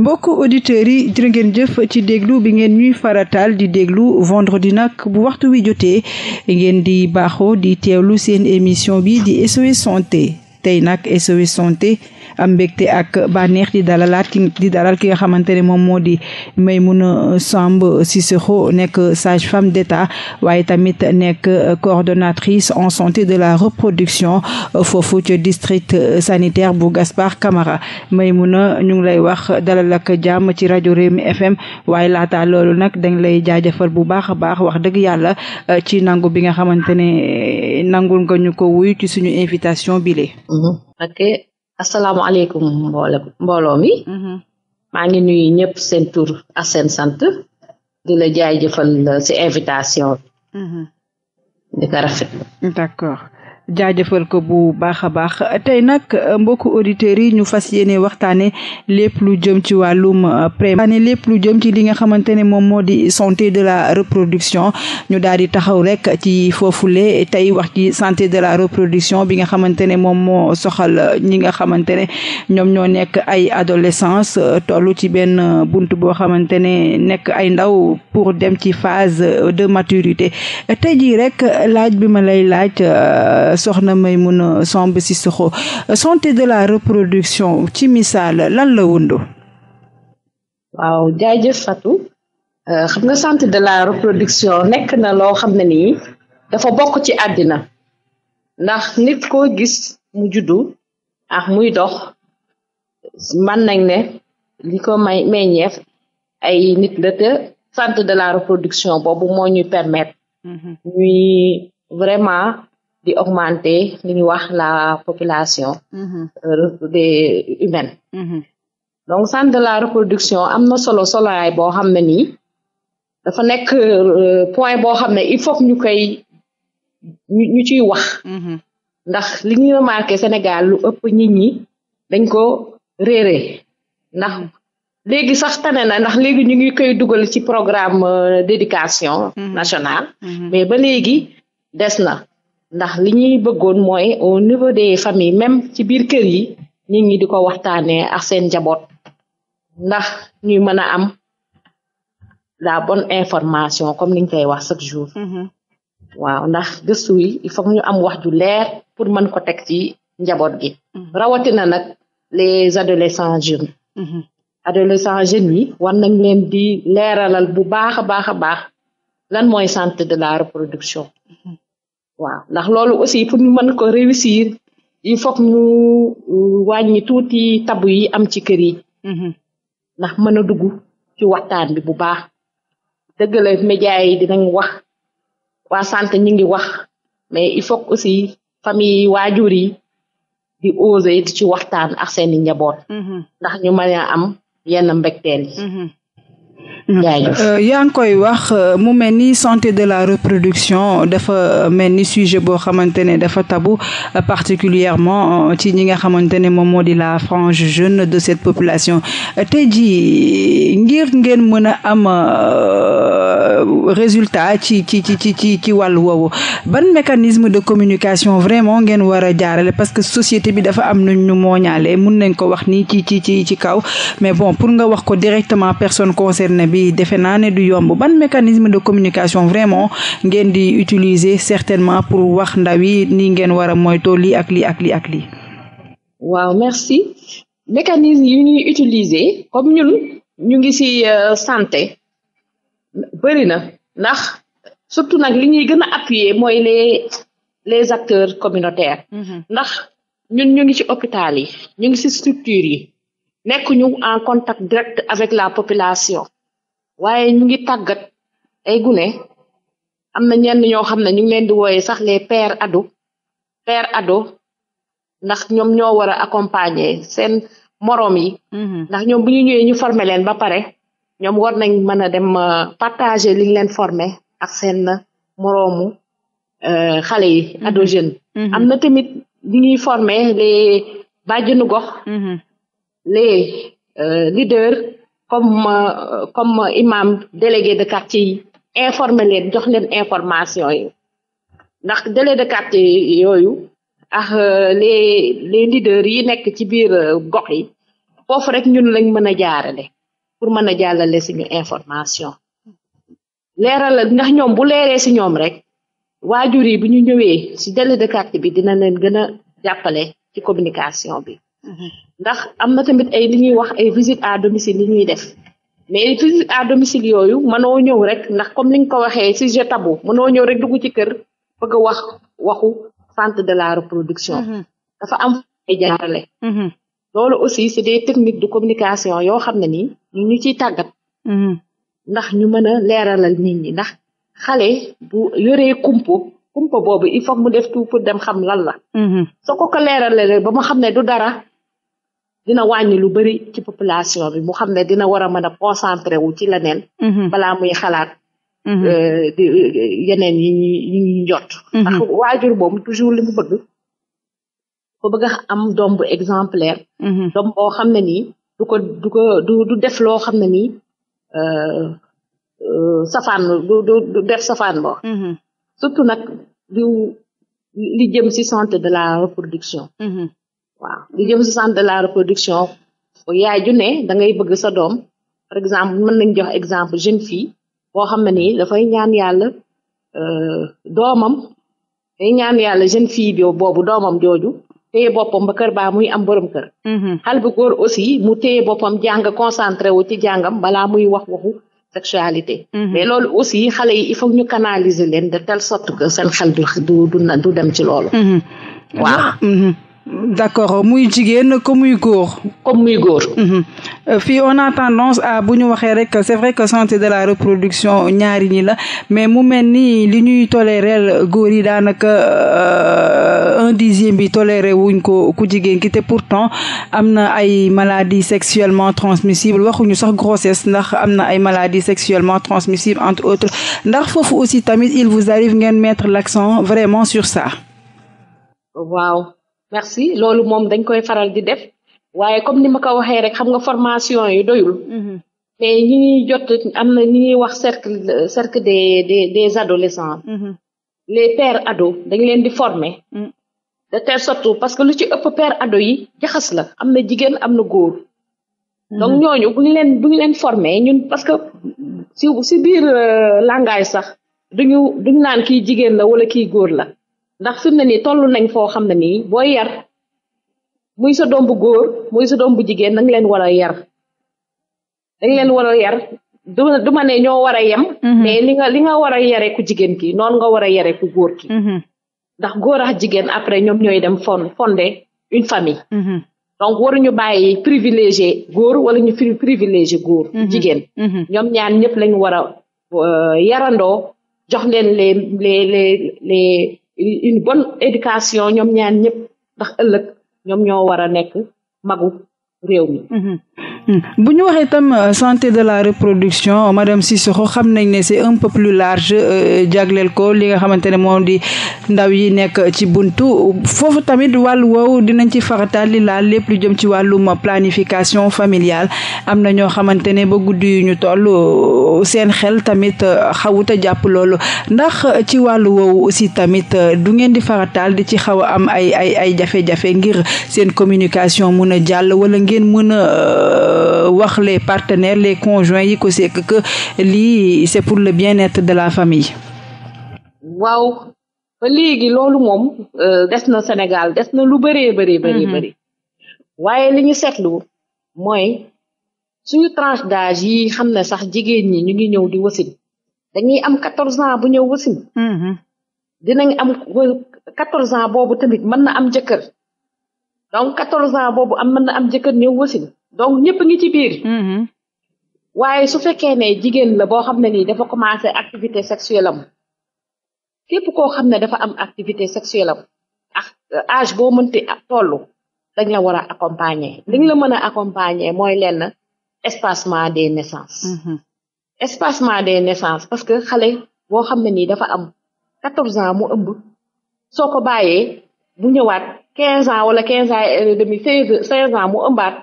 mbokk auditeurs yi jërë ngeen jëf ci déglu bi ngeen ñuy farataal di déglu vendredi nag bu waxtu wi jotee ngeen di baaxoo di teelu seen émission bi di SOS santé tey nag SOS santé am mbégte ak bànneex di dalalaat ki di dalal ki nga xamante ne moom moo di may mun a Samb Cissokho nekk sage femme d'État waaye tamit nekk coordonnatrice en santé de la reproduction foofu ci district sanitaire bu may mun a ñu ngi lay wax dalalak jàmm ci rajo Rewmi FM waaye laata loolu nag danga lay jaajëfal bu baax a baax wax dëgg yàlla ci nangu bi nga xamante ne nangul nga ñu ko wuyu ci suñu invitation bile Mm-hmm. ok asalaamaaleykum mboolo mbooloo mi mm-hmm. maa ngi nuyu ñëpp seen tur ak seen sant di la jaajëfal ci invitation bi mm-hmm. di ko rafet jaajëfal ko bu baax a baax tey nag mbokk auditeurs yi ñu fas yéene waxtaane lépp lu jëm ci wàllum euh, PREP waxtaane lépp lu jëm ci li nga xamante ne moom moo di santé de la reproduction ñu daal di taxaw rek ci foofule tey wax ci santé de la reproduction bi nga xamante ne moom moo soxal euh, ñi nga xamante ne ñoom ñoo nekk ay adolescence euh, tollu ci benn bunt boo xamante ne nekk ay ndaw pour dem ci phase de maturité tey jii rek laaj bi ma lay laaj soxna Maimouna si Cissokho santé de la reproduction ci misaal lan la wundu waaw jaajëf Fatou euh, xam nga santé de la reproduction nekk na loo xam ne nii dafa bokk ci àddina ndax nit koo gis mu juddu ak muy dox man nañ ne ni ko may meññeef ay nit la te de la reproduction boobu moo ñuy permettre mhm. ñuy vraiment di augmenter li ñu wax la population mm-hmm. euh, des humaine mm-hmm. donc centre de la reproduction am na solo solaay boo xam ne nii dafa nekk euh, point boo xam ne il faut ñu koy ñu ciy wax mm-hmm. ndax li ñu remarqué Sénégal lu ëpp nit ñi dañ ko réere ndax léegi sax tane na ndax léegi ñu ngi koy dugal ci programme euh, d'éducation nationale mais ba léegi des na ndax li ñuy bëggoon mooy au niveau des familles même ci biir kër yi nit ñi di ko waxtaanee ak seen njaboot ndax ñuy mën a am la bonne information comme niñ koy wax chaque jour. Mm-hmm. waaw ndax gëstu yi il faut ñu am wax ju leer pour mën ko teg ci njaboot gi. Mm-hmm. rawatina nag les adolescents jeunes. Mm-hmm. adolescents jeunes yi war nañ leen di leeralal bu baax a baax a baax lan mooy santé de la reproduction. waaw ndax loolu aussi pour ñu mën ko réussir il faut que ñu wàññi tuuti tabu yi am ci kër yi. Mm-hmm. ndax mën a dugg ci waxtaan bi bu baax. dëgg la média yi dinañ wax waa santé ñu ngi wax mais il faut aussi famille waajur yi di oser di ci waxtaan ak seeni njaboot. Mm-hmm. ndax ñu mën am yenn mbégteel yi. Mm-hmm. Euh, yaa ngi koy wax euh, mu mel ni santé de la reproduction dafa euh, mel ni sujet boo xamante ne dafa tabu particulièrement ci ñi nga xamante ne moom moo di la frange jeune de cette population tey jii ngir ngeen mën a am résultat ci ci ci ci ci ci wàllu woowu ban mécanisme de communication vraiment ngeen war a jaarale parce que société bi dafa am nañ ñu mooñaale mun nañ ko wax nii ci ci ci ci kaw mais bon pour nga wax ko directement personne concernée bi defe naa ne du yomb ban mécanisme de communication vraiment ngeen di utiliser certainement pour wax ndaw yi nii ngeen war a moytoo lii ak li ak lii ak lii. waaw merci mécanisme yi ñuy utiliser comme ñun ñu ngi ci euh, santé. bëri na ndax surtout nag li ñuy gën a appuyer mooy les les acteurs communautaires mhm. ndax ñun ñu ngi ci hôpital yi ñu ngi ci structure yi nekk ñu en contact direct avec la population waaye ñu ngi tàggat ay gune am na ñenn ñoo xam ne ñu ngi leen di wooye sax les pères ado pères ado ndax ñoom ñoo war a accompagner seen moroom yi mhm. ndax ñoom bu ñu ñëwee ñu former leen ba pare ñoom war nañ mën a dem euh, partager liñ leen formé ak seen moroomu euh, xale yi mhm. ado jeune mhm. am na tamit li ñuy formé les bàjjenu gox mhm. les euh, leaders comme comme imam délégué de quartier yi informer leen jox leen information yi ndax délégué de quartier yooyu ak les les leaders yi nekk ci biir gox yi foofu rek ñun lañ mën a jaarale pour mën a jàllale suñu information leeralal ndax ñoom bu leeree si ñoom rek waajur yi bu ñu ñëwee si délégué de carte bi dina leen gën a jàppale ci communication bi ndax am na tamit ay li ñuy wax ay visite à domicile li def mais visite à domicile yooyu mënoo ñëw rek ndax comme liñ ko waxee si je tabu mënoo ñëw rek dugg ci kër bëgg a wax waxu centre de la reproduction mhm. dafa am ay jaarale mhm. loolu aussi c'est des techniques de communication yoo xam ne nii ñu ci tàggat mm-hmm. ndax ñu mën a leeralal nit ñi ndax xale bu yoree kumpo kumpo boobu il faut mu def tout pour dem xam lan la mm-hmm. soo ko ko leeralale ba mu xam ne du dara dina wàññi lu bëri ci population bi mu xam ne dina war a mën a concentré wu ci la leneen mm-hmm. balaa muy xalaat euh, di euh, yeneen yi ñu yi ñuy njott boobu toujours li mu bëgg ko bëgg am doom bu exemplaire doom boo xam ne nii du ko du ko du du def loo xam ne nii euh, euh, safaan du du def safaan bo mm-hmm. surtout nag du li jëm si santé de la reproduction mm-hmm. waaw li jëm ci santé de la reproduction yaay ju ne da ngay bëgg sa doom par exemple mën nañ jox exemple jeune fi boo xam ne nii dafay ñaan yàlla euh, doomam day ñaan yàlla jeune fille boobu doomam jooju téye boppam ba kër ba muy am borom kër. Mm-hmm. xal bu góor aussi mu téye boppam jàng concentré wu ci jàngam bala muy wax waxu sexualité. Mm-hmm. mais loolu aussi xale yi il faut ñu canaliser leen de telle sorte que seen xel du du du dem ci loolu. waaw. Mm-hmm. d'accord muy jigéen comme muy góor. comme muy mhm. euh, fii on a tendance à bu ñu waxee rek c'est vrai que santé de la reproduction ñaari ni la mais mu mel ni li ñuy toléreel góor yi daanaka euh, un dixième bi toléré wuñ ko ku jigéen ki te pourtant am na ay maladies sexuellement waxu ñu sax grossesse ndax am na ay maladies sexuellement transmissibles entre autres ndax foofu aussi tamit il vous arrive ngeen mettre l'accent vraiment sur sa merci loolu moom dañ koy faral di def waaye comme ni ma ko waxee rek xam nga formation yi doyul mm-hmm. mais ñi jot am na ñi ñuy wax cercle cercle des des des adolescents mm-hmm. les pères ados dañ leen di former mm. de telle sorte parce que lu ci ëpp père ados yi jaxas la am na jigéen am na góor mm-hmm. donc ñooñu bu ñu leen bu ñu leen former ñun parce que si si biir euh, langage sax duñu duñu naan kii jigéen la wala kii góor la ndax fi mu ne nii toll foo xam ne ni booy yar muy sa doom bu góor muy sa doom bu jigéen da nga leen war yar da nga leen war a yar du du ma ne ñoo war a yem. Mhm. mais li nga li nga war ku jigéen ki noonu nga war a yare ku góor ki. Mhm. ndax góor ak jigéen après ñoom ñooy dem fon fonder une famille. Mhm. donc waruñu bàyyi privilégié góor ñu privilégié góor. jigéen. ñoom ñaan ñëpp lañu war a euh, yarandoo jox leen le les une bonne éducation ñoom ñaan ñëpp ndax ëllëg ñoom ñoo war a nekk magu réew mi mhm. Mhm. bu ñu waxee tam euh, santé de la reproduction madame Cissokho xam nañ ne c'est un peu plus large euh, jagleel ko li nga xamante ne moom di ndaw yi nekk ci buntu foofu tamit wall woowu dinañ ci farataal li laal lépp lu jëm ci wàllum planification familial am na ñoo xamante ne guddi yu ñu toll seen xel tamit euh, xawut a jàpp loolu ndax euh, ci wàllu woowu aussi tamit euh, du ngeen di farataal di ci xaw a am ay ay ay jafe-jafe ngir seen communication mun a jàll wala ngeen mën a wax les partenaires les conjoints yi ko sekk que lii c'est pour le bien-être de la famille. waaw ba léegi loolu moom des na Sénégal des na lu bëree bëri bëri mm-hmm. bëri waaye li seetlu mooy suñu tranche d'âge yi xam ne sax jigéen ñi ñu ngi ñëw di wasin dañuy am quatorze ans bu ñëw wasin mm-hmm. dinañ am quatorze ans boobu tamit mën na am jëkkër donc quatorze ans boobu am na am jëkkër ñëw wasin donc ñëpp ngi ci biir mm-hmm. waaye su fekkee ne jigéen la boo xam ne ni dafa commencé activité sexuelle am képp koo xam ne dafa am activité sexuelle am ak âge boo mënti tollu dañ la war a accompagner liñ la mën a accompagner mooy lenn espacement des naissances. Mm-hmm. espacement des naissances parce que xale boo xam ne nii dafa am quatorze ans mu ëmb soo ko bàyyee bu ñëwaat quinze ans wala quinze ans et mu ëmbaat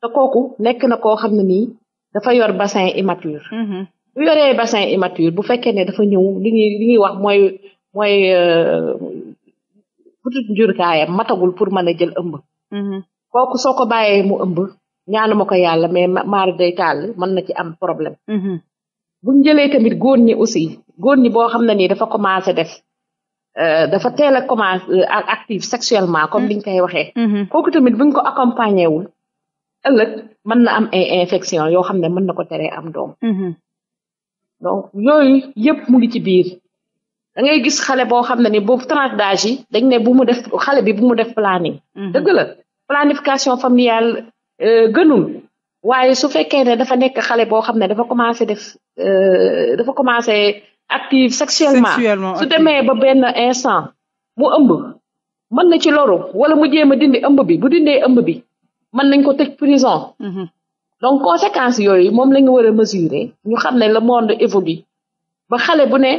te kooku nekk na koo xam ne nii dafa yor bassin immature. Mm-hmm. bu yoree bassin bu fekkee ne dafa ñëw li ñuy li wax mooy mooy butut euh, njurkaayam matagul pour mën a jël ëmb. Mm-hmm. kooku soo ko bàyyee mu ëmb ñaanuma ko yàlla mais maar day tàll mën na ci am problème mm-hmm. buñ jëlee tamit góor ñi aussi góor ñi boo xam ne nii dafa commencé def euh, dafa teel a commencé euh, active sexuellement comme liñ mm. koy waxee mm-hmm. kooku tamit buñ ko accompagner wul ëllëg mën na am ay infection yoo xam ne mën na ko teree am doom mm-hmm. donc yooyu yëpp mu ngi ci biir da ngay gis xale boo xam ne ni boobu tranche d'âge yi dañ ne bu mu def xale bi bu mu def planning dëgg la planification familiale Euh, gënul waaye su fekkee ne dafa nekk xale boo xam ne dafa commencé def euh, dafa commencé active sexuellement su demee ba benn instant mu ëmb mën na ci loru wala mu jéem a dindi ëmb bi bu dindee ëmb bi mën nañ ko tëj prison mhm. donc conséquences yooyu moom la ñu war a mesurer ñu xam ne le monde évolue ba xale bu ne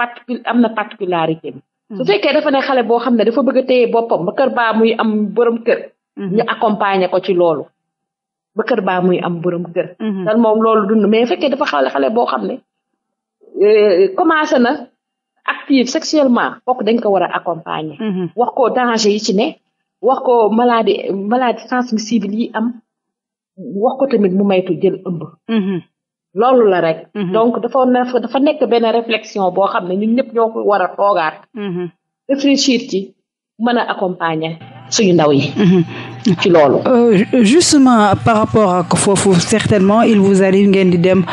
particu am na particularité bi su mhm. fekkee dafa ne xale boo xam ne dafa bëgg a téye boppam ba kër baa muy am borom kër mhm. ñu accompagner ko ci loolu ba kër baa muy am borom kër. dan mhm. moom loolu dund mais fekkee dafa xale xale boo xam ne euh, commencé na active sexuellement kooku dañ ko war a accompagner. Mhm. wax ko danger yi ci ne wax ko maladie maladie transmissible yi am wax ko tamit mu maytu jël ëmb. Mhm. loolu la rek. donc dafa dafa nekk benn réflexion boo xam ne ñun ñëpp ñoo ko war a toogaat. réfléchir ci mën a accompagner suñu ndaw yi. ci loolu. Euh, justement par rapport ak foofu certainement il vous arrive ngeen di dem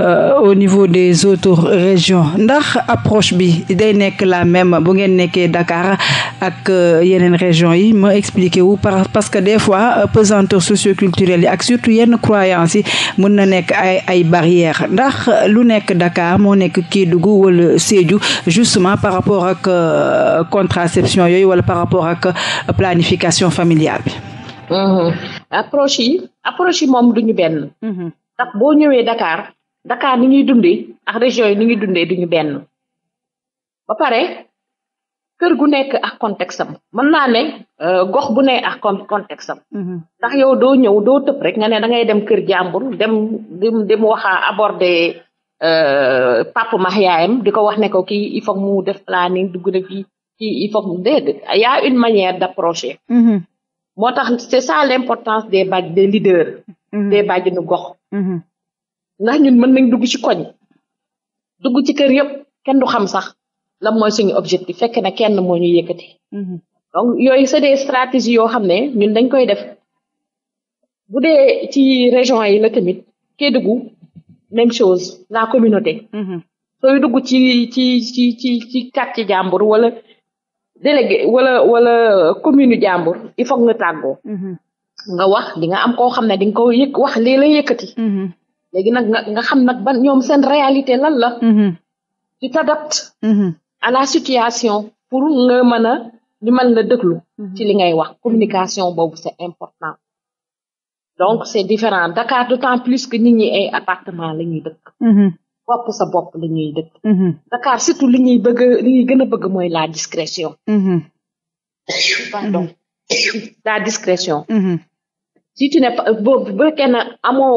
euh, au niveau des autres régions ndax approche bi day nekk la même bu ngeen nekkee Dakar ak euh, yeneen régions yi mu expliqué wu parce que des fois pesanteur socioculturelle yi ak surtout yenn croyance yi mën na nekk ay ay barrières ndax lu nekk Dakar moo nekk kii Kédougou wala Sédhiou justement par rapport ak contraception yooyu wala par rapport ak planification familiale bi. Mhm. approche yi approche yi moom duñu benn. Mhm. ndax boo ñëwee Dakar Dakar ni ñuy dundee ak région yi ni ñuy dundee duñu benn ba pare kër gu nekk ak contexte am mën naa euh, gox bu ne ak contexte am. Mhm. ndax yow doo ñëw doo tëb rek nga ne da ngay dem kër jàmbur dem dem dem waxaa aborder papa max yaayam di ko wax ne ko kii il faut mu def planning dugg na fii kii il faut mu une manière d'approcher. moo tax c'est ça l'importance des baj des leaders mhm. des bàjjenu gox mhm. ndax ñun mën nañ dugg ci koñ dugg ci kër yëpp kenn du xam sax lan mooy suñu objectif fekk na kenn moo ñu yëkkati mhm. donc yooyu c'est des stratégies yoo xam ne ñun dañ koy def bu dee ci région yi la tamit Kédougou même chose la communauté sooy dugg ci ci ci ci ci quartier wala délégué wala wala commune jàmbur il foog nga tàggoo mm-hmm. nga wax di nga am koo xam ne di nga ko yëg wax lii la yëkkati mm-hmm. léegi nag nga nga xam nag ban ñoom seen réalité lan la mm-hmm. tu t'adaptes à la situation pour nga mën a ñu mën la déglu ci li ngay wax communication boobu c'est important donc c'est différent Dakar d'autant plus que nit ñi ay appartement lañu ñuy dëkk bopp sa bopp la ñuy dëkk mm-hmm. Dakar surtout li ñuy bëgg li ñuy gën a bëgg mooy la discrétion mm-hmm. pardon mm-hmm. la discrétion si tu ne boo fekkee ne amoo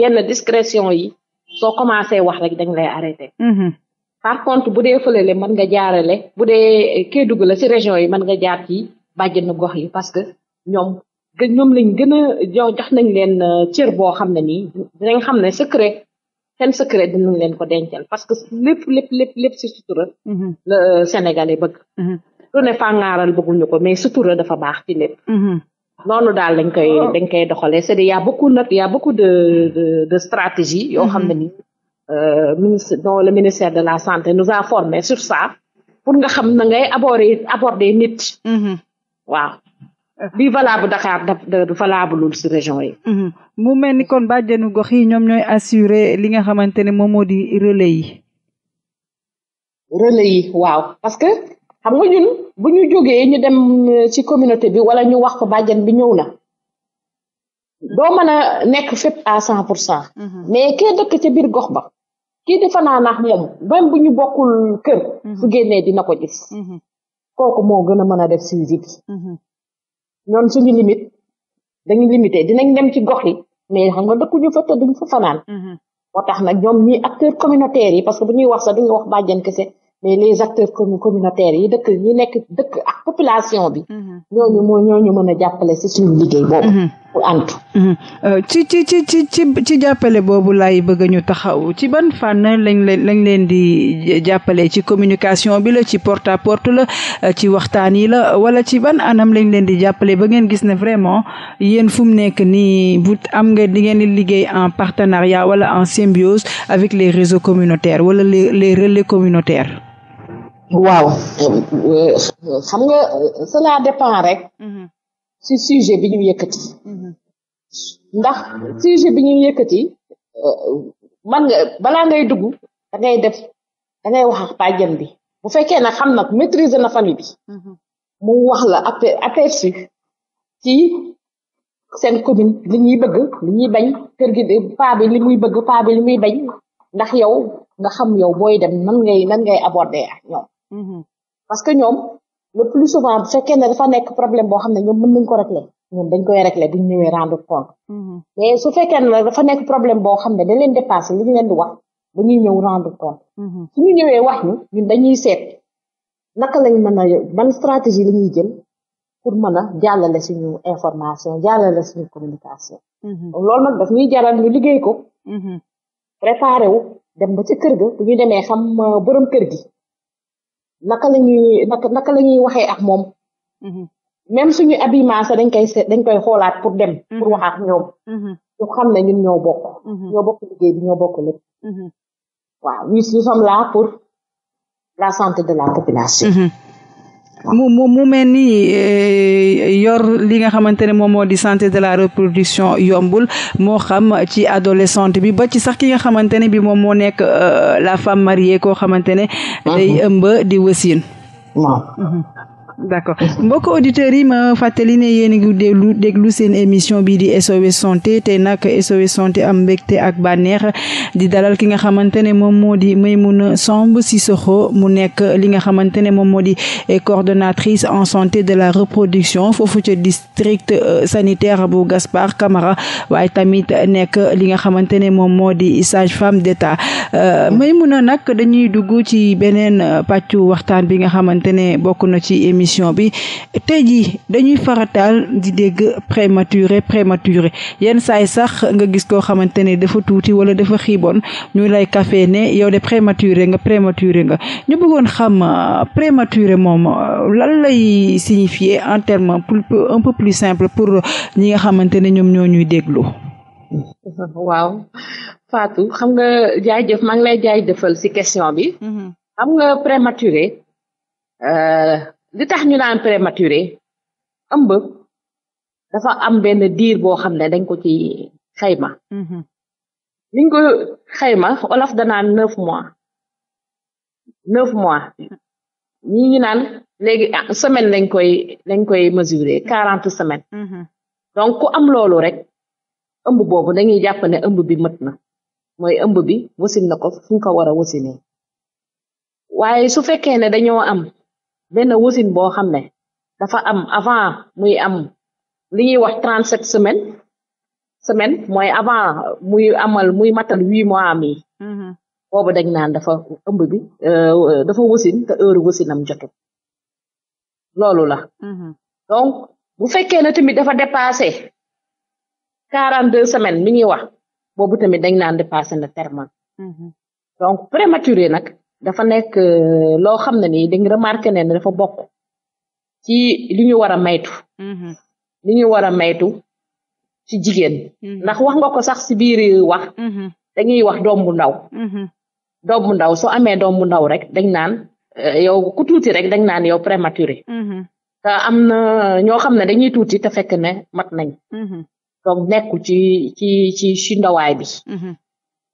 yenn discrétion yi soo commencé wax rek dañ lay arrêté par contre bu dee fëlale man nga jaarale bu dee Kédougou la si région yi man nga jaar ci bàjjenu gox yi parce que ñoom ñoom lañ gën a jox nañ leen euh, cër boo xam ne nii dinañ xam ne secret seen secret dinañ leen ko dencal parce que lépp lépp lépp lépp si sutura mhm. la euh, sénégalais bëgg mhm. lu ne fàngaaral bëgguñu ko mais sutura dafa baax ci lépp mhm. noonu daal dañ koy oh. dañ koy doxalee c'est-à-dire y a beaucoup nag y a de de de yoo xam ne ni euh, ministre dont de la santé nous a formés sur ça pour nga xam na ngay aborder nit waaw lii valable Dakar da valable lul si région yi. Mhm. mu mel ni kon bàjjenu gox yi ñoom ñooy assurer li nga xamante ne moom moo di relais yi. relais yi waaw parce que xam nga ñun bu ñu jógee ñu dem euh, ci communauté bi wala ñu wax ko bàjjen bi ñëw na. boo mën nekk fépp à cent pour cent. Mhm. mais kee dëkk ca biir gox ba. kii di fanaan ak moom bu ñu bokkul kër. Mhm. su génnee dina ko gis. kooku moo gën a mën a def si bi. ñoom suñu limite dañu limité dinañ dem ci gox yi mais xam nga dëkkuñu fa te duñ fa fanaan. Mm-hmm. moo tax nag ñoom ñii acteurs communautaires yi parce que bu ñuy wax sax duñu wax bàjjen kese mais les acteurs communautaires yi dëkk ñu nekk dëkk ak population bi. Mm-hmm. ñooñu moo ñooñu mën a jàppale si suñu liggéey boobu. Mm-hmm. pour mm-hmm. euh, ci ci ci ci ci ci jàppale boobu lay bëgg ñu taxaw ci ban fànn lañ leen lañ leen di jàppale ci communication bi la ci porte à porte la euh, ci waxtaan yi la wala ci ban anam lañ leen di jàppale ba ngeen gis ne vraiment yéen fu mu nekk nii bu am nga di ngeen di liggéey en partenariat wala en symbiose avec les réseaux communautaires wala les les relais communautaires waaw euh, xam nga cela dépend rek mm-hmm. si sujet bi ñu yëkkati. Mhm. ndax sujet bi ñu yëkkati euh, man nga balaa ngay dugg da def da ngay wax ak bi bu fekkee ne xam nag maîtriser na famille bi. Mhm. mu wax la aperçu ci seen commune li ñuy bëgg li ñuy bañ kër gi paa li muy bëgg paa bi li muy bañ ndax yow nga xam yow booy dem nan ngay nan ngay aborder ñoom. Mhm. parce ñoom le plus souvent bu fekkee ne dafa nekk problème boo xam ne ñoom mën nañu ko régler ñoom dañ koy régler bu ñu ñëwee rendre compte mm-hmm. mais su fekkee ne dafa nekk problème boo xam ne da leen dépassé li ñu leen di wax dañuy ñëw rendre compte mm-hmm. su ñu ñëwee wax ñu ñun dañuy seet naka lañ mën a ban stratégie la ñuy jël pour mën a jàllale suñu information jàllale suñu communication mm-hmm. loolu nag daf ñuy jaral ñu liggéey ko préparé wu dem ba ci kër ga bu ñu demee xam euh, borom kër gi naka la ñuy naka naka la ñuy waxee ak moom mm-hmm. même suñu habillement sax dañ koy seet dañ koy xoolaat pour dem pour mm-hmm. wax ak ñoom mm-hmm. xam ne ñun ñoo bokk ñoo bokk liggéey bi ñoo bokk lépp waaw nous sommes pour la santé de la population mu mu mu mel ni eh, yor li nga xamante ne moom moo di santé de la reproduction yombul moo xam ci adolescente bi ba ci sax ki nga xamante ne bi moom moo nekk euh, la femme mariée koo xamante ne ah, day ah. di wësin d'accord mbokk auditeurs yi ma fàttali ne yéen a ngi déglu déglu seen émission bii di SOS santé te nag SOS santé am mbégte ak bànneex di dalal ki nga xamante ne moom moo di Maimouna Samb Cissokho mu nekk li nga xamante ne moom moo di coordonnatrice en santé de la reproduction foofu ca district euh, sanitaire bu Gaspard kamara waaye tamit nekk li nga xamante ne moom moo di sage-femme d'État euh, Maimouna nag dañuy dugg ci beneen euh, pàccu waxtaan bi nga xamante ne bokk na ci émission émission bi tey jii dañuy farataal di dégg prématuré prématuré yenn saay sax nga gis koo xamante ne dafa tuuti wala dafa xiiboon ñu lay café ne yow de prématuré nga prématuré nga ñu bëggoon xam euh, prématuré moom euh, lan lay signifier en terme un peu plus simple pour ñi nga xamante ne ñoom ñoo ñuy déglu. waaw Fatou xam nga jaajëf maa ngi lay jaajëfal ci question bi. Mm-hmm. xam nga prématuré euh, li tax ñu naan prématuré ëmb dafa am benn diir boo xam ne dañ ko ci xayma mhm. niñ ko xayma olof danaan neuf mois neuf mois ñi ñu naan léegi ah, semaine lañ koy lañ koy mesurer quarante semaines mhm. donc ku am loolu rek ëmb boobu dañuy jàppane ne ëmb bi mët na mooy ëmb bi wasin na ko fu ñu ko war a wasinee su fekkee ne dañoo am benn wasin boo xam ne dafa am avant muy am li ñuy wax trente sept semaine semaine mooy avant muy amal muy matal huit mois am mm-hmm. yi boobu dañ naan dafa ëmb bi euh, dafa wasin te heure wasinam jotul loolu la mm-hmm. donc bu fekkee ne tamit dafa dépassé quarante deux semaine mi ñuy wax boobu tamit dañ naan dépassé na terme mm-hmm. donc prématuré nag dafa nekk euh, loo xam ne ni nii a remarqué ne dafa bokk ci li ñu war a maytu mm-hmm. li ñu war a maytu ci jigéen mm-hmm. ndax wax nga ko sax si biir wax mm-hmm. dañuy wax doom bu ndaw doom bu ndaw soo amee doom bu ndaw rek dañ naan euh, yow ku tuuti rek dañ naan yow prématuré te am na ñoo xam ne dañuy tuuti ta fekk ne mat nañ donc nekkul ci ci ci ci ndawaay bi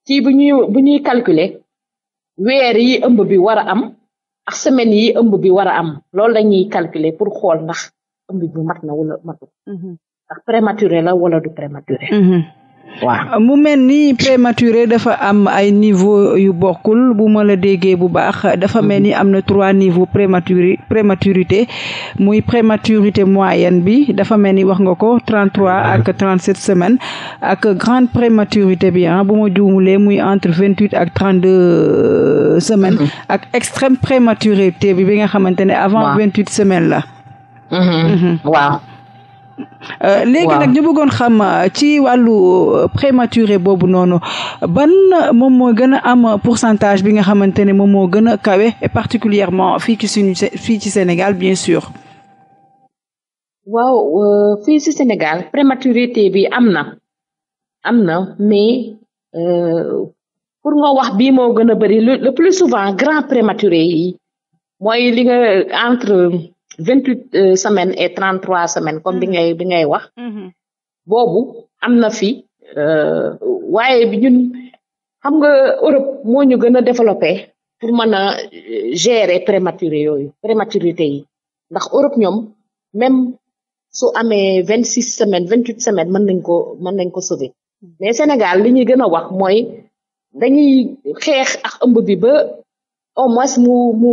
ci bu ñuy bu ñuy calculer weer yi ëmb bi war a am ak semaines yi ëmb bi war a am loolu la ñuy calculer pour xool ndax ëmb bi mat na wala matul. Mhm. ndax prématuré la wala du prématuré. Mhm. waaw euh, mu mel ni prématuré dafa am ay niveau yu bokkul bu ma la déggee bu baax dafa mel ni am na trois niveaux prématuré prématurité muy prématurité moyenne bi dafa mel ni wax nga ko trente trois ak trente sept semaines ak grande prématurité bi ah bu ma juumulee muy entre vingt huit ak trente deux euh, semaines mm-hmm. ak extrême te bi bi nga xamante ne avant vingt huit semaine la mm-hmm. Mm-hmm. waaw Euh, léegi nag ñu bëggoon xam euh, ci wàllu euh, prématuré boobu noonu ban moom moo gën a am pourcentage bi nga xamante ne moom moo gën a kawe et particulièrement fii ci suñu fii ci Sénégal bien sûr waaw fii ci Sénégal prématurité bi am na am na mais pour nga wax bii moo gën a bëri le plus souvent grand prématuré yi mooy li entre vingt huit euh, semaine et trente trois semaines comme bi mm-hmm. ngay bi wax mm-hmm. boobu am na fi euh, waaye bi ñun xam nga Europe moo ñu gën a développé pour mën a euh, gérer prématuré yooyu prématurité yi ndax Europe ñoom même su amee vingt six semaine vingt huit semaines mën nañ ko mën nañ ko sauver mm-hmm. mais Sénégal li ñuy wax mooy dañuy xeex ak ëmb ba au moins mu mu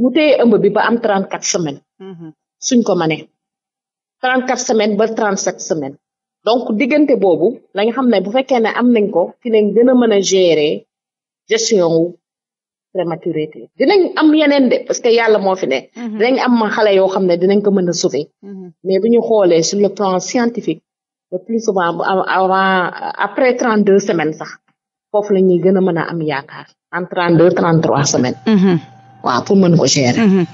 mu téye ëmb bi ba am trente quatre semaines. Mm-hmm. suñ ko mënee trente quatre semaines ba trente sept semaine donc diggante boobu la nga xam ne bu fekkee ne am nañ ko ci lañ gën a mën a gérer gestion wu prématurité dinañ am yeneen de parce que yàlla moo fi ne. Mm-hmm. dinañ am xale yoo xam ne dinañ ko mën a sauver. Mm-hmm. mais bu ñu xoolee sur le plan scientifique le avant après trente deux semaines sax. foofu la ñuy gën a mën a am yaakaar en trente deux trente trois semaines. Mhm. waaw pour man ko gérer. Mhm.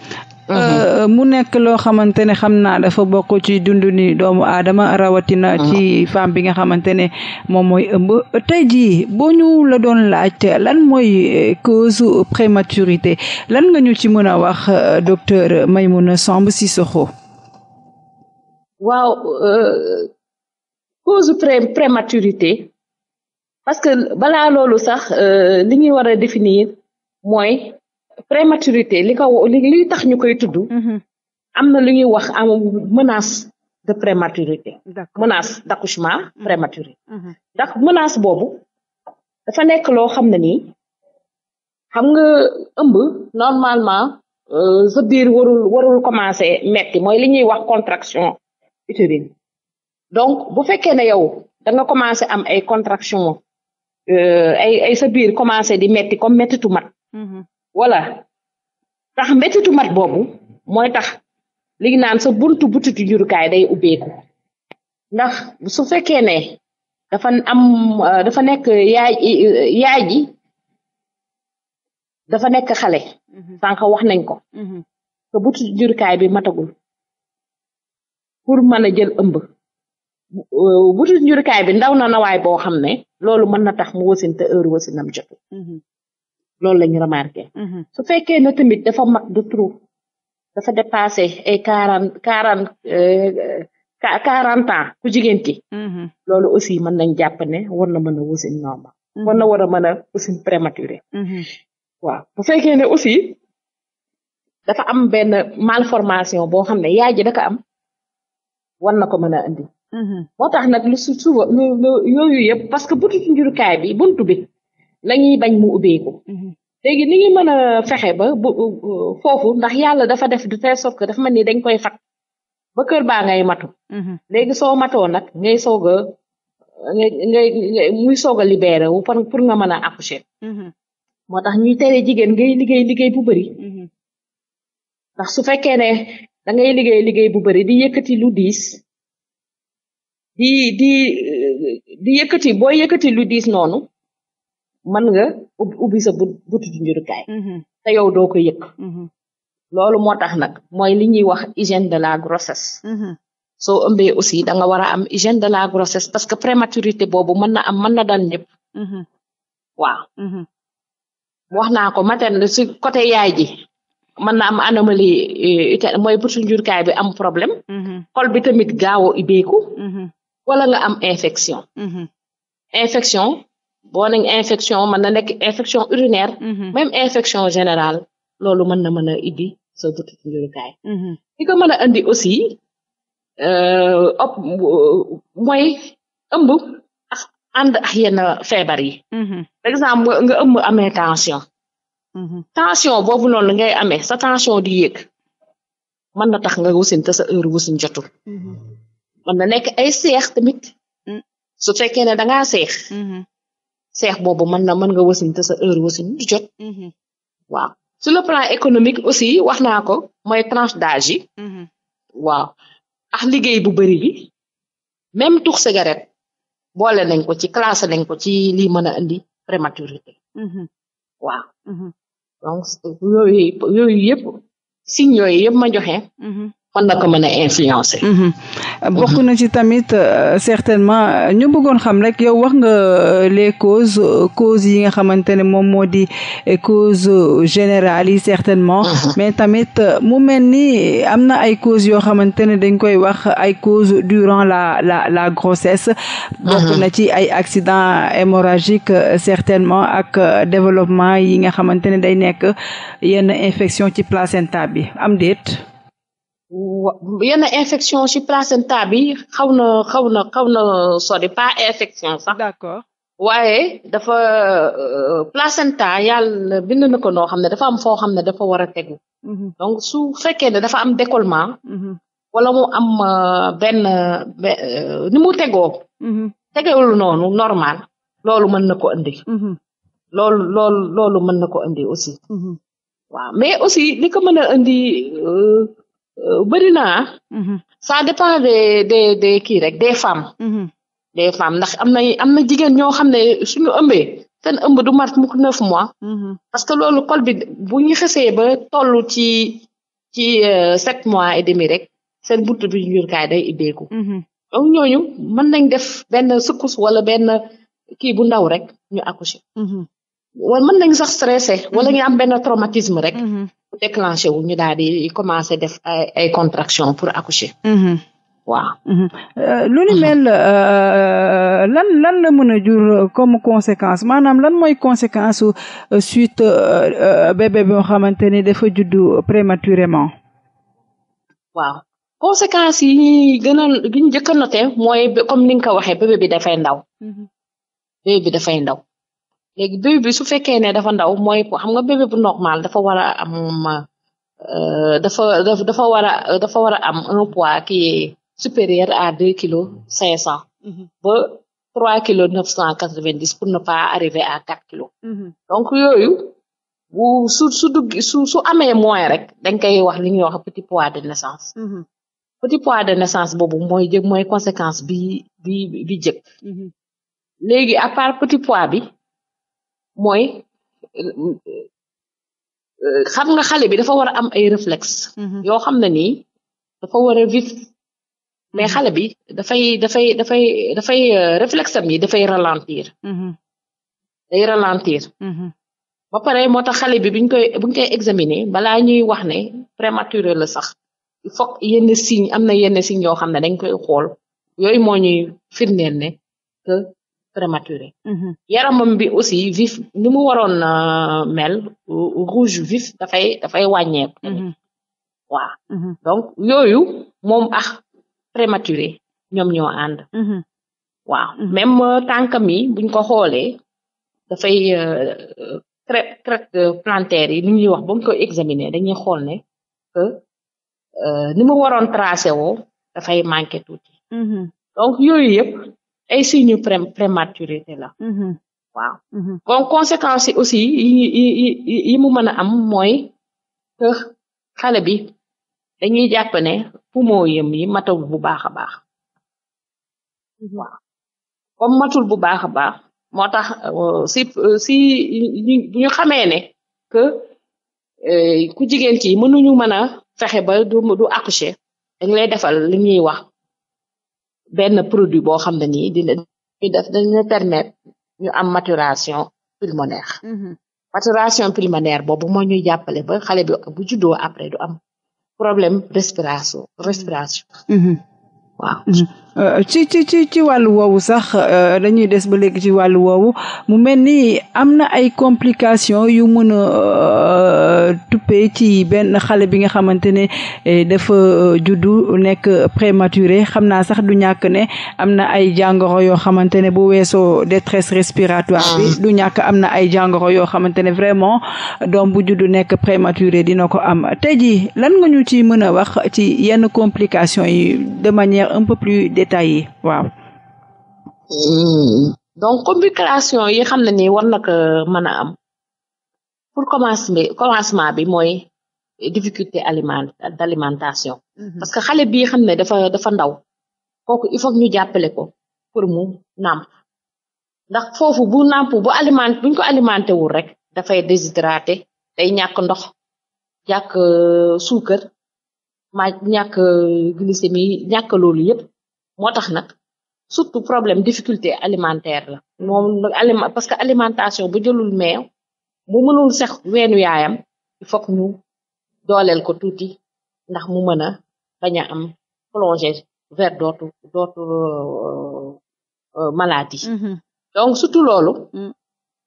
Mhm. Euh, mu nekk loo xamante ne xam naa dafa bokk ci dundu ni doomu aadama rawatina. ci femme bi nga xamante ne moom mooy jii boo ñu la doon laaj lan mooy euh, cause prématurité lan nga ñu ci mën a wax euh, docteur Maimouna Samb Cissokho. waaw cause pré prématurité parce que balaa loolu sax euh, li ñuy war a définir mooy prématurité li ko tax ñu koy tudd. Mm-hmm. am na lu ñuy wax am menace de prématurité. menace d'accouchement mm-hmm. prématuré. Mm-hmm. ndax menace boobu dafa nekk loo xam ne ni xam nga ëmb normalement euh, sa biir warul warul commencer metti mooy li ñuy wax contraction utérine donc bu fekkee ne yow da nga commencer am ay contraction Euh, ay ay sa biir commencé di metti comme mettitu mat mhm. voilà tax mettitu mat boobu mooy tax li ñu naan sa buntu butitu njurukaay day ubbeeku ndax su fekkee ne dafa am euh, dafa nekk yaay dafa nekk xale mhm. sànq wax nañ ko mhm. sa butitu bi matagul pour mën a jël ëmb wutu njurukaay bi ndaw na na nawaay boo xam ne loolu mën na tax mu wasin te heure wasinam jotu mm-hmm. loolu lañu remarqué mm-hmm. su fekkee ne tamit dafa mag de trop dafa dépassé ay quarante quarante euh, euh, quarante ans ku jigéen ki mm-hmm. loolu aussi mën nañ jàpp ne war na mën a wasin normal war na war a mën a wasin prématuré waaw bu fekkee ne aussi dafa am benn formation boo xam ne ya ji da am war na ko mën a andi Mhm. moo tax nag lu su suba lu lu yooyu yëpp parce que buntu njurukaay bi bunt bi la ñuy bañ mu ubbeeku mhm. léegi ni mën a fexe ba bu foofu ndax yàlla dafa def de telle sorte que dafa mel ni dañ koy fat ba kër baa ngay matu mhm. léegi soo matoo nag ngay soog a ngay ngay muy soog a libéré wu pour nga mën a accoucher moo tax ñuy tere jigéen ngay liggéey liggéey bu bëri ndax su fekkee ne dangay liggéey liggéey bu bëri di yëkkati lu diis di di di yëkkati boo yëkkati lu diis noonu mën nga ubbi sa butu di njurukaay mm-hmm. te yow doo ko yëkk mm-hmm. loolu moo tax nag mooy li ñuy wax hygiène de la grossesse mm-hmm. soo ëmbee aussi da nga war a am hygiène de la grossesse parce que prématurité boobu mën na am mën na dal ñëpp waaw wax naa ko maternité si côté yaay ji mën na am anomalie euh, mooy butu njurukaay bi am problème xol bi tamit gaaw a wala nga am infection. Mm-hmm. infection boo nañ infection mën na nekk infection urinaire. Mm-hmm. même infection générale loolu mën na mën a indi sa butitu njurukaay. Mm-hmm. li ko mën a indi aussi euh, op euh, mooy ëmb ak ànd ak yenn feebar yi. par exemple nga ëmb amee tension. tension boobu noonu ngay amee sa tension di yéeg mën tax nga wasin te sa heure wasin jotul. mën na nekk ay seex tamit mm. su fekkee ne danga seex mm-hmm. seex boobu mën na mën nga wasin te sa heure wasin jot mm-hmm. waaw sur le plan économique aussi wax naa ko mooy tranche d'âge yi mm-hmm. waaw ak liggéey bu bëri bi même tux cigarette boole nañ ko ci classé nañ ko ci lii mën a indi prématurité waaw donc yooyu yooyu yëpp signes yooyu yëpp ma mën na ko mën a influencer. Mhm. bokk na ci tamit euh, certainement ñu bëggoon xam rek yow wax nga euh, les causes euh, causes yi nga xamante ne moom moo di cause générale yi certainement. Mhm. mais tamit mu mel ni am na ay causes yoo xamante ne dañ koy wax ay causes durant la la la grossesse. bokk mhm. na ci ay accidents hémorragiques certainement ak développement yi nga xamante ne day nekk yenn infection ci placenta bi am déet. yenn infection ci placenta bi xaw na xaw na xaw na sori pas infection sax. d'accord waaye dafa euh, placenta yàlla bind na ko noo xam ne dafa am foo xam ne dafa war a tegu. Mm-hmm. donc su fekkee ne dafa am décollement. Mm-hmm. wala mu am euh, benn euh, ni mu tegoo. Mm-hmm. tegewul noonu normal loolu mën na ko indi. loolu loolu mën na ko indi aussi. waaw mais aussi li ko mën a Euh, bëri naa mm-hmm. ça dépend des de des kii rek des femmes mm-hmm. des femmes ndax am na am na jigéen ñoo xam ne suñu ëmbee seen ëmb du mat mukk neuf mois mm-hmm. parce que loolu kol bi bu ñu xesee ba toll ci ci euh, sept mois et demi rek seen butt bi njurkaay day ibbeeku donc ñooñu mën nañ def benn sukkus wala benn kii bu ndaw rek ñu accoucher wala mën nañ sax stressé wala ñu am benn traumatisme rek déclenché wu ñu daal di commencé def ay ay contraction pour accoucher. Mm-hmm. waaw. Mm-hmm. Euh, lu ni mel euh, lan lan la mën a jur comme conséquence maanaam lan mooy conséquence euh, suite bébé boo xamante ni dafa juddu prématurément. waaw conséquences yi ñuy gën a yi njëkk a noté mooy comme ni nga ko waxee bébé bi dafay ndaw. Mm-hmm. bébé bi dafay ndaw. léegi bébé bi su fekkee ne dafa ndaw mooy xam nga bébé bu normal dafa war a am euh, dafa dafa war a dafa war a am un poids qui est supérieur à deux kilos cinq cent mm-hmm. ba trois kilos neuf cent quatre vingt dix pour ne pas arriver à quatre kilos mm-hmm. donc yooyu bu su su dugg su amee moins rek dañ koy wax li ñuy wax petit poids de naissance mm-hmm. petit poids de naissance boobu mooy jëg mooy conséquence bi bi bi jëg léegi à part petit poids bi mooy xam nga xale bi dafa war a am ay réflexe mhm. yoo xam ne nii dafa war a mhm. mais xale bi dafay dafay dafay dafay euh, réflexe yi dafay ralentir mhm. day ralentir ba pare moo tax xale bi buñ koy buñ examiner balaa ñuy wax ne prématuré la sax il yenn signe am na yenn signe yoo xam ne dañ koy xool yooyu moo ñuy ne prématuré mm-hmm. yaramam bi aussi vif ni mu waroon euh, mel euh, rouge vif dafay dafay wàññeeku mm-hmm. waaw mm-hmm. donc yooyu moom ak ah, prématuré ñoom ñoo ànd waaw même euh, tànkam yi buñ ko xoolee dafay crête plantaire yi ni ñuy wax ba ko examiner dañuy xool ne que ni mu waroon tracé woo dafay manqué tuuti donc yooyu yëpp ay signe prématurité la mm-hmm. waaw mm-hmm. bon conséquence yi aussi yi yi mu mën a am mooy que xale bi dañuy jàpp ne poumon yam yi matul bu baax a baax mm-hmm. waaw comme matul bu baax a baax moo tax euh, si euh, si bu ñu xamee ne que euh, ku jigéen ci mënuñu mën a fexe ba du accoucher dañ lay defal li ñuy wax benn produit boo xam ne nii dina ñu def dañu permettre ñu am maturation pulmonaire mm-hmm. maturation pulmonaire boobu moo ñuy jàppale ba xale bi bu juddoo après du am problème respiration respiration mm-hmm. waaw mm-hmm. Euh, ci ci ci ci wàllu woowu sax euh, dañuy des ba léegi ci wàllu woowu mu mel ni am na ay complications yu mën a euh, tuppee ci benn xale bi nga xamante ne eh, dafa juddu nekk prématuré xam naa sax du ñàkk ne am na ay jàngoro yoo xamante ne bu weesoo détresse respiratoire du ñàkk am na ay jàngoro yoo xamante ne vraiment doom bu juddu nekk prématuré dina ko am tey ji lan nga ñu ci mën a wax ci yenn complication yi de manière un peu plus détails waaw. Hmm. donc complication yi xam na ni war na ko mën a am pour commencer commencement bi mooy difficulté aliment d'alimentation. Mm-hmm. parce que xale bi xam ne dafa dafa ndaw kooku il foog ñu jàppale ko pour mu nàmp ndax foofu bu nàmp bu aliment buñ ko alimenté wul rek dafay déshydraté day ñàkk ndox ñàkk euh, suukar ma ñàkk euh, glycémie ñàkk loolu yépp moo tax nag surtout problème difficulté alimentaire la moom aliment parce que alimentation bu jëlul meew mu mënul sax weenu yaayam il faut que ñu ko tuuti ndax mu mën a bañ a am plongé vers dootu dootu maladie donc surtout loolu mm.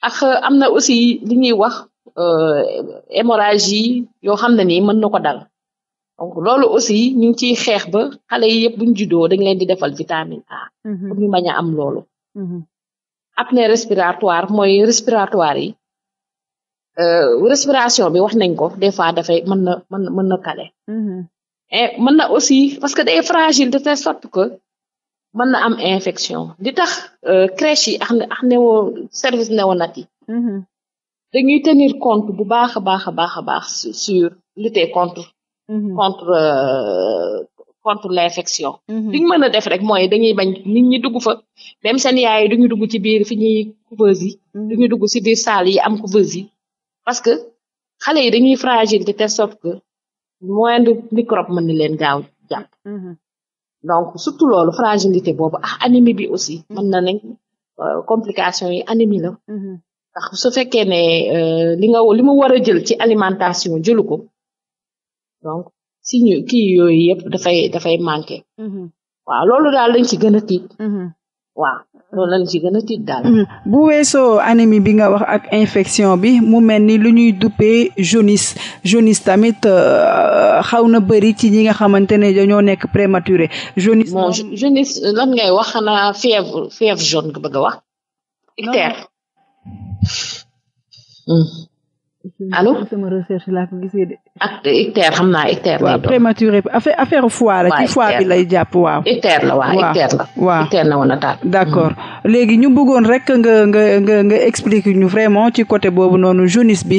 ak euh, am na aussi li ñuy wax euh, hémorragie yoo xam ne nii mën na ko dal donc loolu aussi ñu ngi ciy xeex ba xale yi yëpp bu ñu juddoo dañ leen di defal vitamine A. Mhm. pour ñu bañ a am loolu. Mhm. apnée respiratoire mooy respiratoire yi euh, respiration bi wax nañ ko des fois dafay mën na mën mën na kale. Mhm. et mën na aussi parce que day fragile de telle sorte que mën na am infection di tax euh, crèche yi ak ah, ak ah, néo service néonat yi. dañuy tenir compte bu baax a baax a baax a baax sur lutter contre. Mm-hmm. contre euh, contre l' mm-hmm. li ñu mën a def rek mooy dañuy bañ nit ñi dugg fa même seen du duñu dugg ci biir fi ñuy couveuse yi. Mm-hmm. duñu dugg ci biir saal yi am couveuse yi parce que xale yi dañuy fragile de telle sorte que moins de microbe mën na leen gaaw jàpp. donc surtout loolu fragilité boobu ah anémie bi aussi. mën na ne euh, complication yi anémie la. ndax su fekkee ne euh, li nga li mu war a jël ci alimentation jëlu ko. donc signe kii yooyu yëpp dafay dafay manqué mm-hmm. waaw loolu daal mm-hmm. lañ ci gën a tiit lañ ci gën daal mm-hmm. bu weesoo anémie bi nga wax ak infection bi mu mel ni lu ñuy duppee jaunisse jaunisse tamit euh, xaw na bëri ci ñi nga xamante ne dañoo nekk prématuré jaunisse bon jaunisse lan ngay wax xanaa fièvre fièvre jaune nga bëgg a wax ictère Hm. alo hm, sama recherche laa ko gisee de. ak hectare xam naa hectare lay doon. prématuré affaire affaire foie la ci foie bi lay jàpp waaw. hectare la waaw hectare la. waaw hectare la woon d'accord léegi ñu bëggoon rek nga nga nga expliquer ñu vraiment ci côté boobu noonu jaunisse bi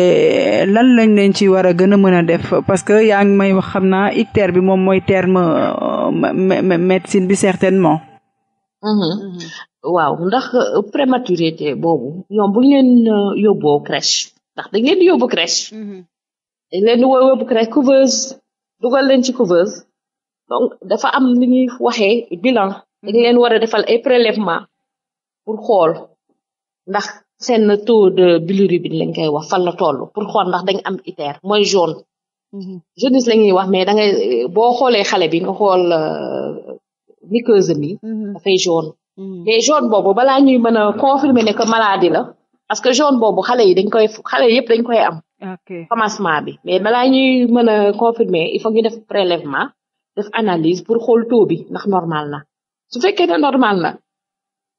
eh, lan lañ leen ci war a gën a mën a def parce que yaa ngi may wax xam naa hectare bi moom mooy terme médecine bi certainement. waaw ndax euh, prématurité boobu ñoom ñu leen euh, yóbboo crèche. ndax dañ leen di yóbbu crèche. Mm-hmm. dañ leen di yóbbu crèche couveuse dugal leen ci couveuse donc dafa am li ñuy waxee bilan. Mm-hmm. dañ leen war a defal ay prélèvement pour xool ndax seen taux de bilirubin lañ koy wax fan la toll pour xool ndax dañ am iter mooy jaune. Mm-hmm. jaunisse la ñuy wax mais da ngay boo xoolee xale bi nga xool euh, muqueuse mi dafay jaune. mais jaune boobu balaa ñuy mën confirmer ne que maladie la. parce que zone boobu xale yi dañ koy xale yëpp dañ koy am. commencement bi mais balaa ñuy mën a confirmer il faut def prélèvement def analyse pour xool taux bi ndax normal na su fekkee ne normal na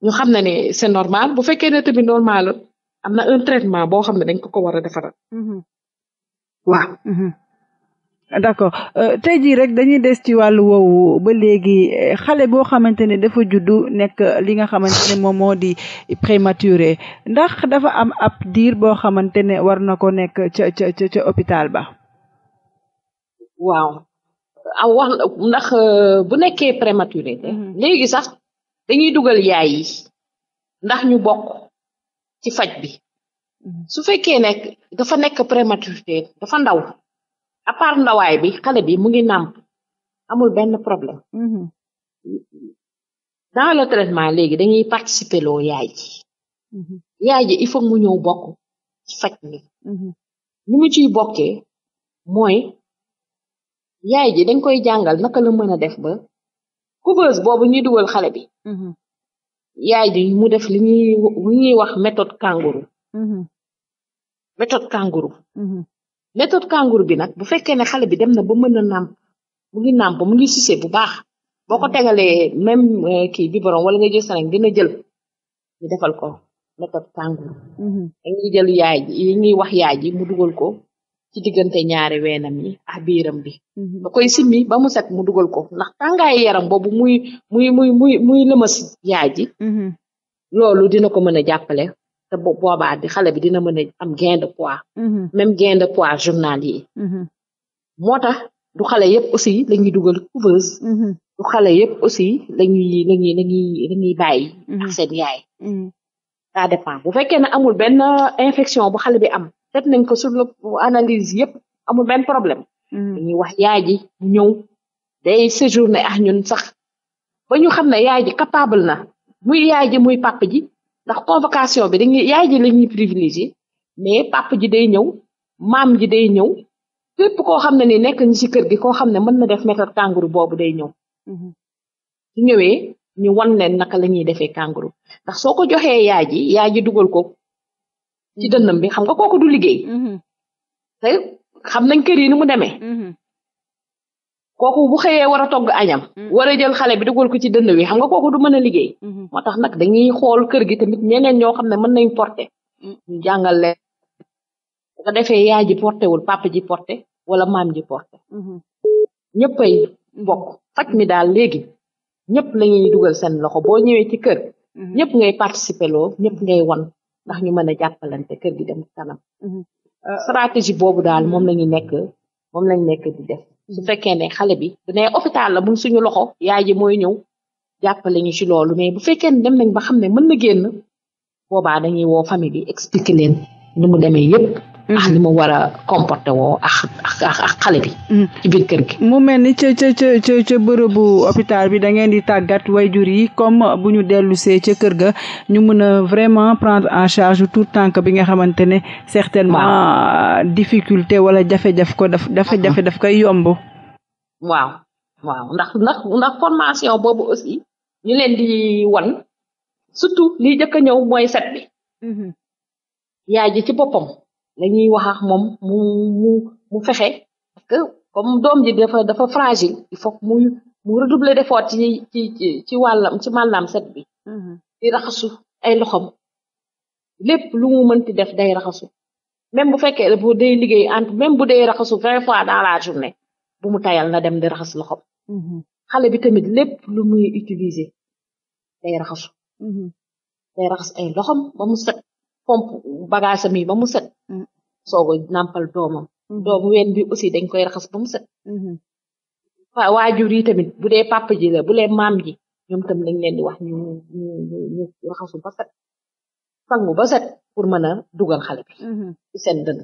ñu xam na ne c'est normal bu fekkee ne tamit normal am na un traitement boo xam ne dañ ko ko war a defaral. Mhm. waaw. Mhm. d'accord euh, tey jii rek dañuy des ci wàllu woowu ba léegi eh, xale boo xamante ne dafa juddu nekk li nga xamante moom moo di prématuré ndax dafa am ab diir boo xamante ne war na ko nekk ca ca ca ca hôpital ba. waaw ah, a ndax euh, bu nekkee prématuré. Mhm. léegi sax dañuy dugal yaay yi ndax ñu bokk ci faj bi. Mhm. su fekkee nekk dafa nekk prématuré dafa ndaw. à part ndawaay bi xale bi mu ngi nàmp amul benn problème mm-hmm. dans le traitement léegi dañuy participer loo yaay ji mm-hmm. yaay ji il faut mu ñëw bokk faj mi mm-hmm. ni mu ciy bokkee mooy yaay ji dañ koy jàngal naka la mën a def ba couveuse boobu ñuy dugal xale bi yaay ji mu def li ñuy wax méthode kangourou méthode kangourou méthode kangourou bi nag bu fekkee ne xale bi dem na ba mën a nàmp mu ngi nàmp mu ngi sucé bu baax boo ko tegalee même euh, kii bi borom wala nga jël sa dina jël ñu defal ko méthode kangourou mhm. dañuy jël yaay ji yi wax yaay ji mu dugal ko ci diggante ñaari weenam yi ak biiram bi da mhm. koy simmi ba mu set mu dugal ko ndax tàngaayu yaram boobu muy muy muy muy muy lëmas yaay ji mhm. loolu dina ko mën a jàppale te boobaa di xale bi dina mën am gain de poids. Mm-hmm. même gain de poids yi mm-hmm. moo tax du xale yëpp aussi la ñuy dugal couveuse. Mm-hmm. du xale yëpp aussi la ñuy la ñuy yaay. ça dépend bu fekkee ne amul benn infection bu xale bi am seet nañ ko sur le analyse yëpp amul benn problème. dañuy wax yaay ji ñëw day séjourné ak ñun sax ba ñu xam ne yaay ji capable na muy yaay ji muy papa ji. ndax convocation bi dañuy yaay ji la ñuy privilégié mais papa ji day ñëw maam ji day ñëw képp koo xam ne ni nekk ñi ci kër gi koo xam ne mën na def méthode kangourou boobu day ñëw mm-hmm. su ñëwee ñu wan leen naka la ñuy defee kangourou ndax soo ko joxee yaay ji yaay ji dugal ko ci mm-hmm. dënnam bi xam nga kooku du liggéey mm-hmm. xam nañ kër yi ni mu demee kooku bu xëyee war a togg añam mm. war a jël xale bi dugal ko ci dënd wi xam nga kooku du mën a liggéey mm-hmm. moo tax nag dañuy xool kër gi tamit ñeneen ñoo xam ne mën nañ porter mm. ñu jàngal leen bu ko ji porté wul papa ji porté wala maam ji porté mm-hmm. ñëppay mbokk mm-hmm. faj mi daal léegi ñëpp la dugal seen loxo boo ñëwee ci kër ñëpp ngay participer loo ñëpp ngay wan ndax ñu mën a jàppalante kër gi dem kanam stratégie boobu daal moom la ñu nekk moom lañ nekk di def bu fekkee ne xale bi bu hôpital la mu suñu loxo yaay ji mooy ñëw jàppale ñu ci loolu mais bu fekkee ne dem nañ ba xam ne mën na génn boobaa dañuy woo famille bi expliqué leen nu mu demee yëpp Mm-hmm. ak ah, ni mu war comporté woo ak xale bi. Mm-hmm. kër gi. mu mel ni ca ca ca ca bërëbu hôpital bi da ngeen di tàggat jur yi comme bu ñu dellu ca kër ga ñu mën a vraiment prendre en charge tout tànk bi nga xamante ne. certainement difficulté wala jafe-jafe ko daf jafe daf koy yomb. waaw waaw ndax ndax ndax formation boobu aussi ñu leen di wan surtout liy jëkk a ñëw mooy set bi. Mm-hmm. yaay ji ci boppam. la ñuy wax moom mu mu mu fexe parce que comme doom ji dafa dafa fragile il faut mu redoubler d'effort ci ci ci wàllam ci màllam set bi mhm. di raxasu ay loxom lépp lu mu mënti def day raxasu même bu fekkee bu day liggéey entre même bu day raxasu vingt fois dans la journée bu mu tayal na dem di raxas loxom mhm. xale bi tamit lépp lu utiliser day raxasu mhm. day raxas ay loxom ba mu set pompe bagage am yi ba set soogo nàmpal doomam mhm. doom ween bi aussi dañ koy raxas ba mu set mhm. waajur yi tamit bu dee papa ji la bu dee maam ji ñoom tam dañ leen wax ñu ñu ñu ñu raxasu ba set sangu ba set pour mën a dugal xale bi mhm. ci seen dënn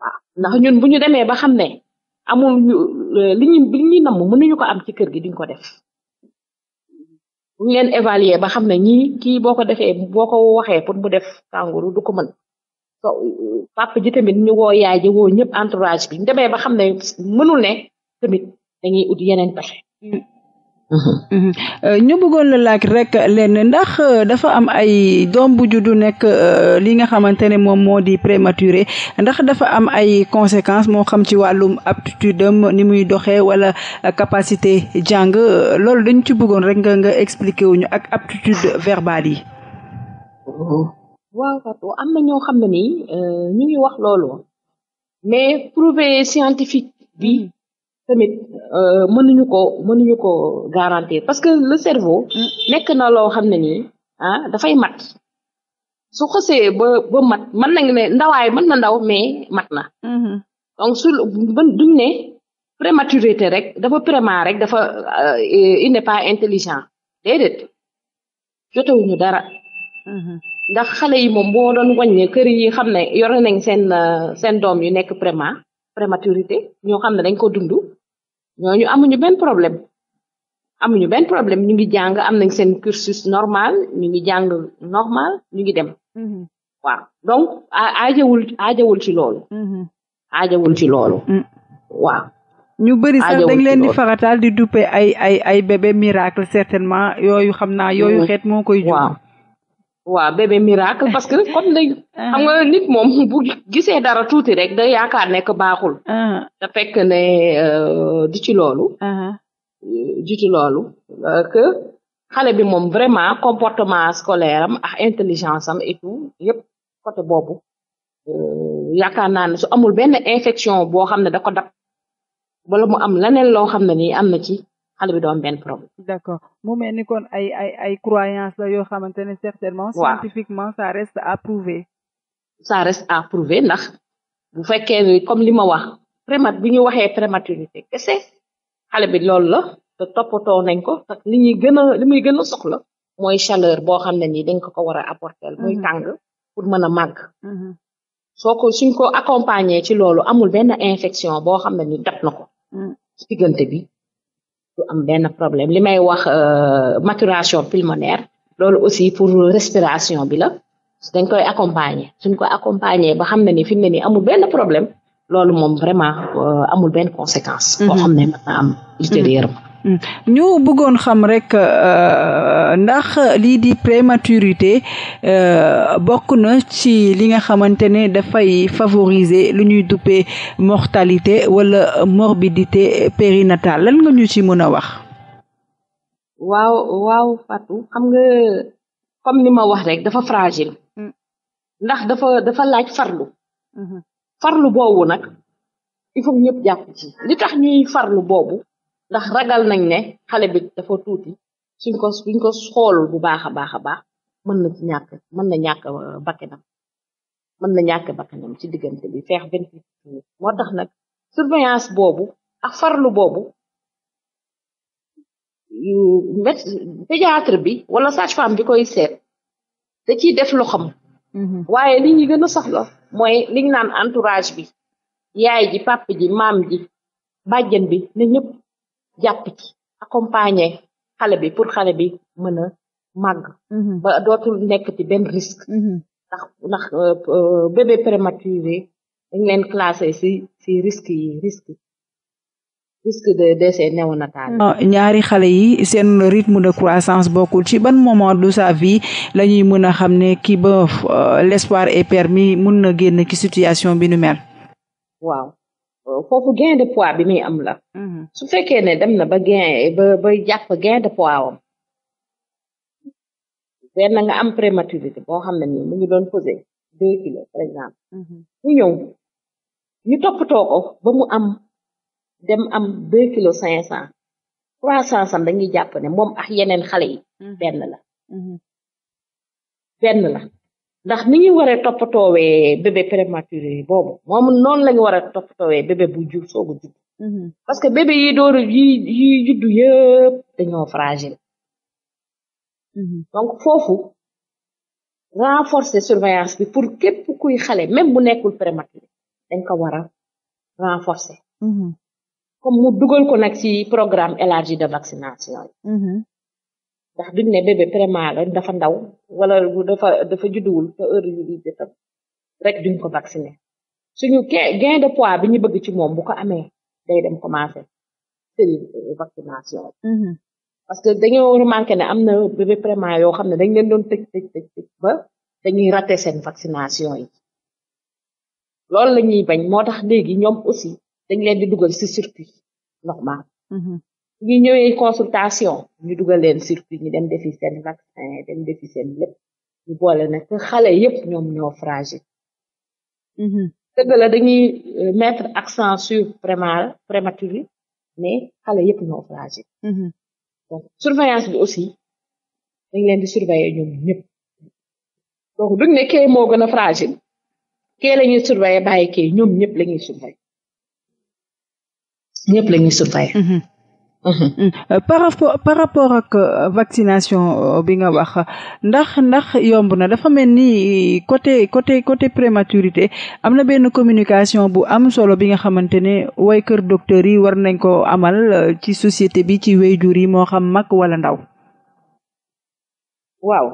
waaw ah, ndax ñun bu ñu demee ba xam ne amul li ñu li ñuy namm mënuñu ko am ci kër gi duñ ko def bu ñu leen évaluer ba xam ne ñi ki boo ko defee boo ko waxee pour mu def kanguru du ko mën papa ji tamit ñu woo yaay ji woo ñëpp entourage bi ñu demee xam ne mënul ne tamit dañuy ut yeneen pexe. Mm-hmm. Mm-hmm. Uh, ñu bëggoon la laaj rek leen ndax uh, dafa am ay doom bu juddu nekk uh, li nga xamante ne moom moo di prématuré ndax dafa am ay conséquences moo xam ci wàllum aptitude am ni muy doxee wala capacité jàng loolu dañ ci bëggoon rek nga nga expliqué wuñu ak aptitude verbale yi. Mm-hmm. waaw Fatou am na ñoo xam ne nii euh, ñu ngi wax loolu mais prouvé scientifique bi mm. tamit euh, mënuñu ko mënuñu ko garantir parce que le cerveau mm. nekk na loo xam ne nii ah dafay mat su xësee ba ba mat mën nañ ne ndawaay mën na ndaw mais mat na mm-hmm. donc su duñ ne prématurité rek dafa prémat rek dafa euh, il n'est pas intelligent déedéet jotewuñu dara mm-hmm. ndax xale yi moom boo doon wàññe kër yi xam ne yore nañ seen euh, seen doom yu nekk préma prématurité ñoo xam ne dañ ko dund ñooñu amuñu benn problème amuñu benn problème ñu ngi jàng am nañ seen cursus normal ñu ngi jàng normal ñu ngi dem mm-hmm. waaw donc a aajawul ci ci loolu mm-hmm. mm. waaw ñu bëri sax dañ leen di farataal di duppe ay ay ay bébé miracle certainement yooyu xam naa yooyu mm-hmm. xeet moo koy jur waaw bébé miracle parce que kon day uh-huh. nga nit moom bu gisee dara tuuti rek da yaakaar nekk baaxul uh-huh. te fekk ne euh, di ci loolu uh-huh. euh, di ci loolu euh, que xale bi moom vraiment comportement scolaire am ak intelligence am et tout yëpp côté boobu yaakaar naa ne su amul benn infection boo xam ne da ko dab wala mu am leneen loo xam ne ni am na ci xale bi doon benn problème. d'accord mu mel ni kon ay ay ay croyance la yoo xamante ne certainement. waaw scientifiquement ça rest à prouver. ça reste à ndax bu fekkee ni comme li ma wax prémat bi ñu waxee prématurité kese xale bi loolu la te toppatoo nañ ko te li ñuy gën a muy gën a soxla mooy chaleur boo xam ne nii dañ ko ko war a apporter. muy mhm. tàng pour mën a màgg. Mhm. soo ko suñ ko accompagner ci loolu amul benn infection boo xam ne ni dab na ko. Mhm. ci diggante bi. du am benn problème li may wax euh, maturation pulmonaire loolu aussi pour respiration bi la dañ koy accompagner suñ ko accompagner ba xam ne ni fi mu ne nii amul benn problème loolu moom vraiment euh, amul benn conséquence. Mhm. boo xam ne mën na am ultérieurement. Mm. ñu bëggoon xam rek euh, ndax lii di prématurité euh, bokk na ci li nga xamante ne dafay favoriser lu ñuy duppee mortalité wala morbidité périnatale lan nga ñu ci mën a wax. waaw waaw Fatou xam nga comme ni ma wax rek dafa fragile. Mm. ndax dafa dafa laaj farlu. Mm-hmm. farlu boobu nag il faut ñëpp jàpp ci li tax ñuy farlu boobu. ndax ragal nañ ne xale bi dafa tuuti suñ ko suñ ko xoolul bu baax a baax a baax mën na ci ñàkk mën na ñàkk euh, bakkanam mën na ñàkk bakkanam ci diggante bi feex vingt huit minutes moo tax nag surveillance boobu ak farlu boobu yu mét pédiatre bi wala sage-femme bi koy seet te ciy def loxoom mm-hmm. waaye li ñu gën a mooy liñ naan entourage bi yaay ji papa ji maam ji bàjjen bi ne ñëpp jàpp ci accompagner xale bi pour xale bi mën a màgg mm-hmm. ba dootul nekk ci benn risque mm-hmm. ndax ndax euh, euh, bébé prématuré dañ leen classé si si risque yi risque risque de décès néonatal ñaari xale yi seen rythme de croissance bokkul ci ban moment de sa vie la ñuy mën a xam ne kii ba euh, l'espoir est permis mun na génn ci situation bi nu mel waaw foofu gain de poids bi muy am la mm-hmm. su fekkee ne dem na ba gain ba ba jàpp gain de poids am benn nga am prématurité boo xam ne nii mu ngi doon posé deux kilos par exemple mm-hmm. mu ñëw ñu toppatoo ko ba mu am dem am deux kilos cinq cent trois cent sam dañuy jàpp ne moom ak yeneen xale yi mm-hmm. benn la benn la ndax ni ñu waree toppatoowee bébé prématuré boobu moom noonu la ñu war a toppatoowee bébé bu jur soogu judd mm-hmm. parce que bébé yi door yi yi juddu yëpp dañoo fragile mm-hmm. donc foofu renforcer surveillance bi pour képp kuy xale même bu nekkul prématuré dañ ko war a renforcer mm-hmm. comme mu dugal ko nag ci programme élargi de vaccination ndax duñ ne bébé préma la dafa ndaw wala dafa dafa judduwul te heure yu tam rek duñ ko vacciner suñu gain de poids bi ñu bëgg ci moom bu ko amee day dem commencer série vaccination mm-hmm. parce que dañoo remarqué ne am na bébé préma yoo xam ne dañ leen doon tëj tëj tëj tëj ba dañuy raté seen vaccination yi loolu la ñuy bañ moo tax léegi ñoom aussi dañ leen di dugal ci circuit ñu ñëwee consultation ñu dugal leen circuit ñu dem defi seen vaccin dem defi seen lépp ñu boole nag xale yëpp ñoom ñoo fragile mm-hmm. dëgg la dañuy euh, mettre accent sur prématurité mais xale yëpp ñoo fragile mm-hmm. donc surveillance bi aussi dañ leen di surveiller ñoom ñëpp donc duñ ne kee moo gën a fragile kee la ñuy surveiller bàyyi kee ñoom ñëpp la ñuy surveiller ñëpp la ñuy surveiller mm-hmm. Mm-hmm. Mm. Euh, par rapport par rapport ak euh, vaccination euh, bi nga wax ndax ndax yomb na dafa mel ni côté côté côté prématurité am na benn communication bu am solo bi nga xamante ne way kër docteur yi war nañ ko amal ci société bi ci wéyjur yi moo xam mak wala ndaw. waaw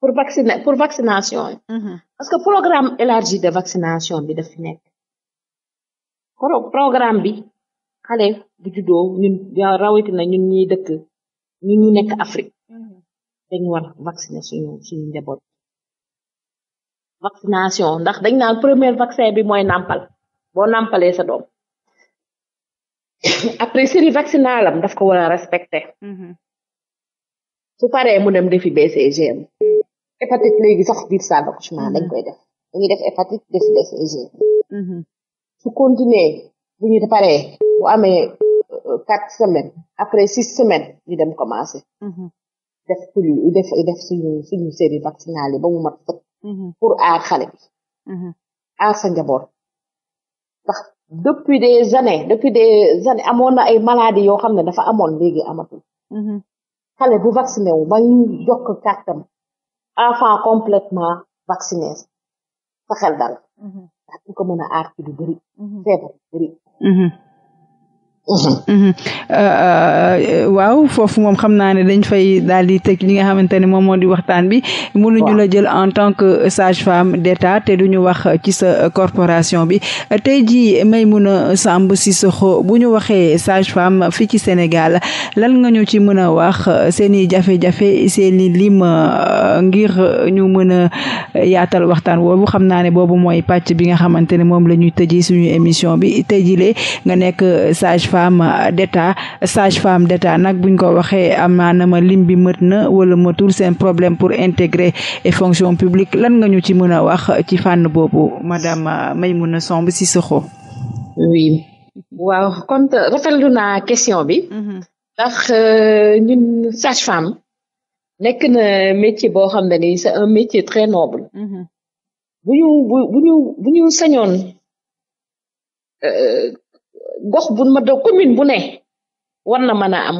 pour vacciner pour vaccination. Mm-hmm. parce que programme élargi de vaccination bi daf nekk. programme bi. xale bu juddoo ñun rawatina ñun ñuy dëkk ñun ñu nekk Afrique mm-hmm. dañu war vacciner suñu njaboot vaccination ndax dañ naan premier vaccin bi mooy nàmpal boo nàmpalee sa doom après série vaccinale daf ko war a respecter mm-hmm. su paree mu dem defi BCG am mm-hmm. hépatite léegi sax biir salle dañ koy def dañuy def hépatite defi BCG su continuer bu ñu paree bu amee euh, quatre semaine après six semaines ñu dem commencé. Mm-hmm. def suñu def def suñu suñu série vaccinale ba mu mat sëkk. Mm-hmm. pour aar xale bi. Mm-hmm. aar sa njaboot. ndax depuis des années depuis des années amoon na ay maladies yoo xam ne dafa amoon léegi amatul. xale bu vacciné wu ba ñu jokk kàttam enfant complètement vacciné sa xel dal. daa ko mën a aar ci lu feebar bëri. Mhm. Euh, euh, waaw foofu moom xam naa ne dañ fay daal di teg li nga xamante ne moom moo di waxtaan bi mënuñu la jël en tant que sage-femme d'État te ñu wax ci sa corporation bi tey jii Maimouna Samb Cissokho bu ñu waxee sage-femme fii ci Sénégal lan nga ñu ci mën a wax seen i jafe-jafe seen i lim euh, ngir ñu mën a yaatal waxtaan woowu xam naa ne boobu mooy pàcc bi nga xamante ne moom la ñuy tëjee suñu émission bi tey jii le nga nekk sage-femme femme d'état sage femme déta nag buñ ko waxee amaanama lim bi mët na wala matul seen problème pour intégrer et fonction publique lan nga ñu ci mën a wax ci fànn boobu madame Maïmouna Samb Cissokho oui waaw kon rafetlu naa question bi mhm. ndax euh, ñun sage femme nekk métier boo xam ne c'est un métier très noble mhm. bu ñu bu ñu bu gox bu ma da commune bu ne war na mën a am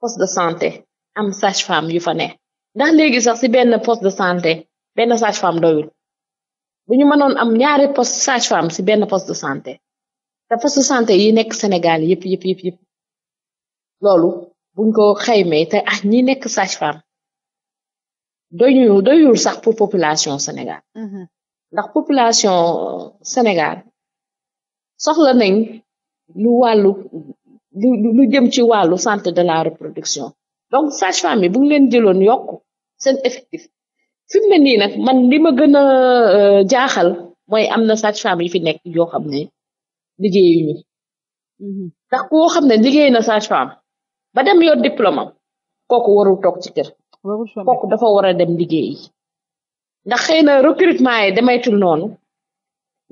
poste de santé am sage-femme yu fa ne ndax léegi sax si benn poste de santé benn sage-femme doyul bu ñu mënoon am ñaari poste sage-femme si benn poste de santé te poste santé yi nekk Sénégal yëpp yëpp yëpp yëpp loolu buñ ko xaymee te ah ñi nekk sage-femme doyul doyul sax pour population Sénégal mhm. ndax population Sénégal soxla nañ lu wàllu lu lu jëm ci wàllu santé de la reproduction donc sage-femme yi bu leen jëloon yokk seen effectif fi mu ne nii nag man li ma gën a euh, jaaxal mooy am na sage-femme yi fi nekk yoo xam ne liggéeyuñu mm-hmm. ndax koo xam ne liggéey na sage-femme ba dem yor diplôme am kooku warul toog ci kër kooku dafa war a dem liggéey ndax xëy na recrutement yi demaytul noonu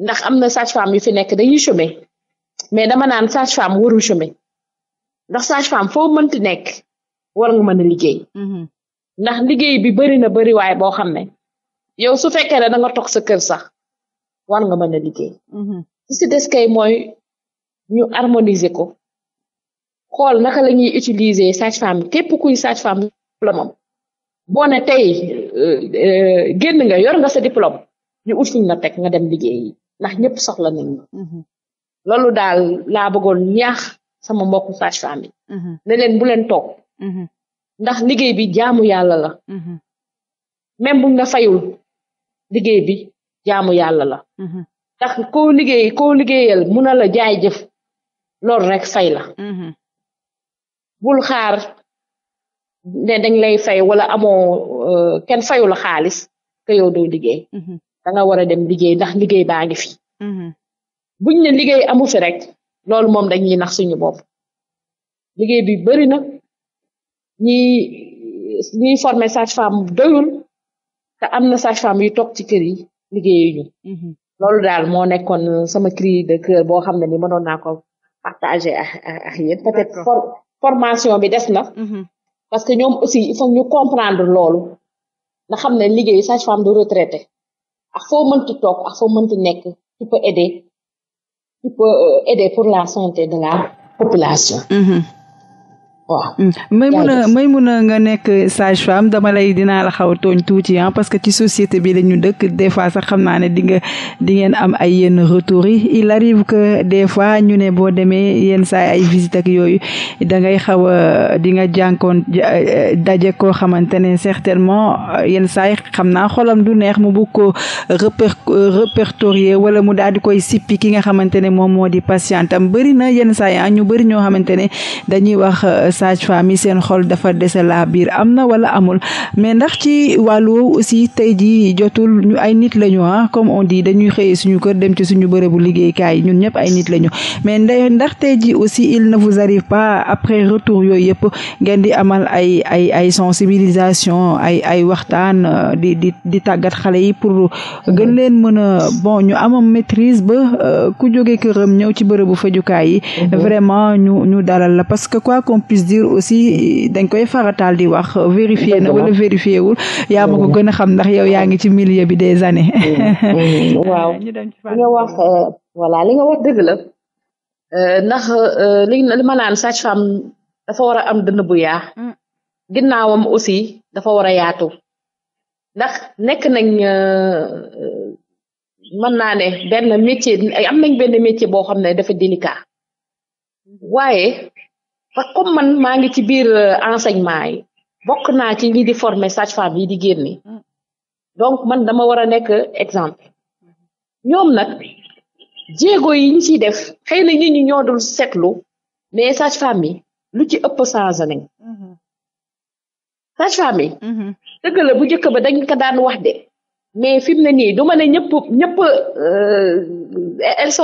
ndax am na sage-femme yu fi nekk dañuy chômer mais dama naan sage femme warul chômer ndax sage femme foo mënti nekk war nga mën a liggéey mhm. ndax liggéey bi bëri na bëri waaye boo xam ne yow su fekkee ne da nga toog sa kër sax war nga mën a liggéey mhm. ci si des kay mooy ñu harmoniser ko xool naka la utiliser sage femme képp kuy sage femme diplôme boo ne tey euh, euh, génn nga yor nga sa diplôme ñu ut na la teg nga dem liggéey ndax ñëpp soxla nañ loolu daal laa bëggoon ñaax sama mbokku sage-femme mhm. yi ne bu leen toog mhm. ndax liggéey bi jaamu yàlla la mhm. même bu nga fayul liggéey bi jamu yàlla la ndax koo liggéey koo liggéeyal mun la jaay jëf loolu rek fay la bul xaar ne dañ lay fay wala amoo euh, kenn fayu la xaalis que yow doo liggéey da war a dem liggéey ndax liggéey baa ngi fi buñ ne liggéey amu fi rek loolu moom dañuy nax suñu bopp liggéey bi bëri na ñi ñiy former sage-femme doyul te am na sage-femme yu toog ci kër yi liggéeyuñu mhm. loolu daal moo nekkoon sama cri de cœur boo xam ne ni mënoon naa ko partager ak ak yéen peut formation bi des na mhm. parce que ñoom aussi il ñu comprendre loolu nga xam ne liggéey sage-femme du retraité a foo mënti toog ak foo mënti nekk tu peux qui peut euh, aider pour la santé de la population. Mm waaw Maymuna Maymuna nga nekk sage femme dama lay dinaa la xaw a tooñ tuuti ah parce ci société bi la ñu dëkk des fois sax xam naa ne di nga di ngeen am ay yenn retours yi il des fois ñu ne boo demee yenn saa ay visite ak yooyu da ngay xaw a di nga jànkoon daje ko xamante ne certainement yenn saay xam naa xolam du neex mu bugg ko reper répertorier wala mu daal di koy sippi ki nga xamante moom moo di patient am bëri yenn saa yi ah, ñu bëri ñoo xamante dañuy wax. sage-femme yi seen xol dafa dese laa biir am na wala amul mais ndax ci wàllu woowu aussi tey jii jotul ñu ay nit lañu ah comme on dit dañuy xëyee suñu kër dem ci suñu bërëbu liggéeykaay ñun ñëpp ay nit lañu mais ndax tey jii aussi il ne vous arrive pas après retour yooyu yëpp ngeen di amal ay ay ay sensibilisation ay ay waxtaan euh, di di di tàggat xale yi pour gën leen mën a bon ñu amam maitrise ba euh, ku jóge këram ñëw ci bërëbu fajukaay yi mhm. vraiment ñu dalal la parce que quoi qu'on puisse aussi dañ koy faratal di wax vérifié na wala vérifié wul yaa ma ko gën a xam ndax yow yaa ngi ci milieu bi des années mm, mm, mm, waaw li nga wax euh, voilà li nga wax dëgg la euh, ndax euh, li li ma naan dafa war a am dënn bu yaa ginnaawam aussi dafa war a yaatu ndax nekk nañ mën naa ne benn métier am nañ benn métier boo xam ne dafa délicat mm-hmm. waaye parce comme man maa ngi ci biir euh, enseignement yi bokk naa ci ñi di former sage-femme yi di ni donc man dama war a nekk exemple ñoom nag jéego yi ñu ciy def xëy na ñi ñu ñoo dul mais sage-femme lu ci ëpp changé nañ sage-femme yi dëgg bu njëkk ba dañ ko daan wax de mais fi mu ne nii du ma ne ñëpp ñëpp euh, elles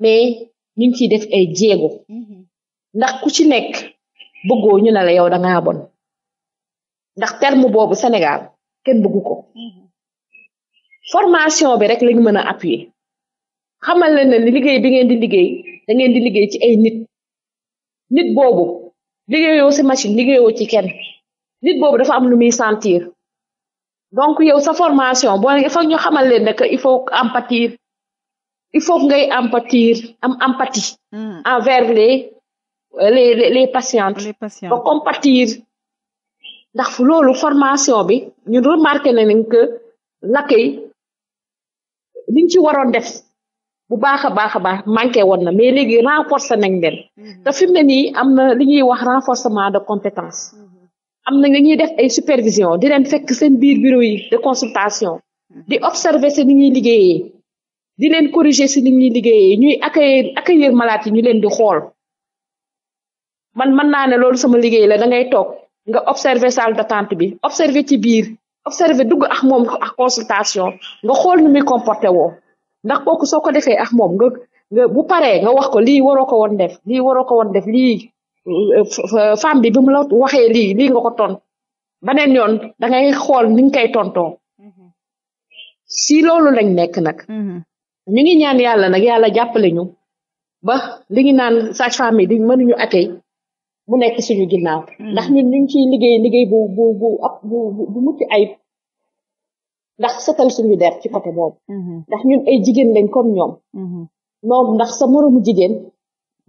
mais ñu ngi ciy def ay jéego ndax ku ci nekk bëggoo ñu ne la yow da ngaa bon ndax terme boobu Sénégal kenn bëggu ko formation bi rek lañ mën a appuyer xamal leen ne liggéey bi ngeen di liggéey da ngeen di liggéey ci ay nit nit boobu liggéeyoo si machine liggéeyoo ci kenn nit boobu dafa am lu muy sentir donc yow sa formation boo il ñu xamal leen ne que il faut empathie il faut ngay empathie am empathie hmm. envers le les, les patientes. les patientes ba compatir. ndax loolu formation bi ñu remarqué nañ que l'accueil liñ ci waroon def bu baax a baax a baax manqué woon na mais léegi renforcer nañ leen mhm. te fi mu ne nii am na li ñuy wax renforcement de compétence mhm. am na ñuy def ay supervision di leen fekk seen biir bureau yi de consultation mhm. di observer si ni ñuy liggéeyee di leen corriger si ni ñuy liggéeyee ñuy accueillir accueillir malaat yi ñu leen di xool man mën naa ne loolu sama liggéey la dangay ngay toog nga observer salle d'attente bi observer ci biir observer dugg ak moom ak consultation nga xool nu muy comporté woo ndax kooku soo ko defee ak moom nga bu paree nga wax ko lii waroo ko woon def lii waroo ko woon def lii euh, femme bi bi mu la waxee lii lii nga ko ton beneen yoon da ngay xool ni nga koy tontoo si loolu lañ nekk nag mm-hmm. ñu ngi ñaan yàlla nag yàlla jàppale ñu ba li ngi naan sage-femme yi di mënuñu atey mu nekk suñu ginnaaw. Hmm. ndax ñun ñu ngi ciy liggéey liggéey bu bu bu bu bu mucc ayib ndax setal suñu der ci côté boobu. Hmm. ndax ñu ay jigéen lañ comme ñoom. Hmm. moom ndax sa moromu jigéen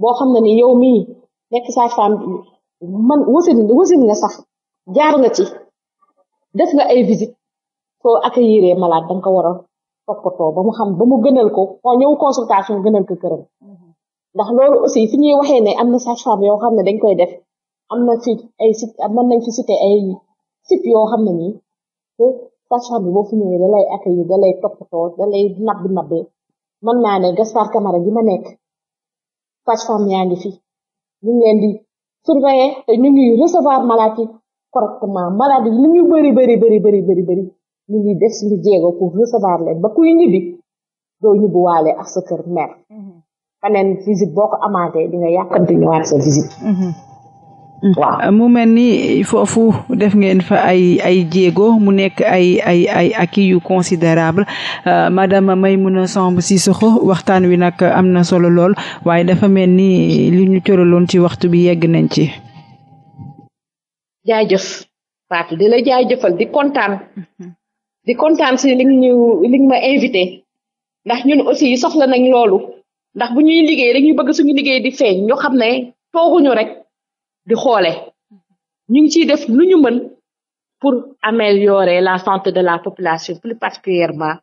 boo xam ne ni yow mi nekk sa femme man wasin wasin nga sax jaar nga ci def nga ay visite soo accueillir malade da nga ko war a mu xam ba mu gënal ko ñëw consultation gënal ko këram. ndax loolu aussi fi ñuy waxee ne am na sage-femme yoo xam ne dañ koy def am na fi ay site mën nañ fi ay yoo xam ne nii que sage-femme bi boo fi ñëwee da lay accueillir da toppatoo da lay nabbi nabbi mën naa ne Gaspard Camara gi ma nekk sage-femme yaa ngi fi ñu ngi leen di surveiller te ñu ngi recevoir malade yi correctement malade yi ni ñu bëri bëri ngi def suñu jéego pour recevoir leen ba kuy ñibbi doo ñibbi waale ak sa kër mère mm-hmm. feneen visite boo ko amaatee di mm-hmm. Mm-hmm. mu mel ni foofu def ngeen fa ay ay jéego mu nekk ay ay ay acquis yu considérable euh, madame somb si soxo waxtaan wi nag am na solo lool waaye dafa mel ni li ñu cëraloon ci waxtu bi yegg nañ ci jaajëf di la jaajëfal di kontaan mm-hmm. kontaan si li ñu ma invité ndax ñun aussi soxla nañ loolu ndax bu ñuy liggéey rek ñu bëgg suñu liggéey di feeñ ñu xam ne tooguñu rek di xoole ñu ngi ciy def lu ñu mën pour améliorer la santé de la population plus particulièrement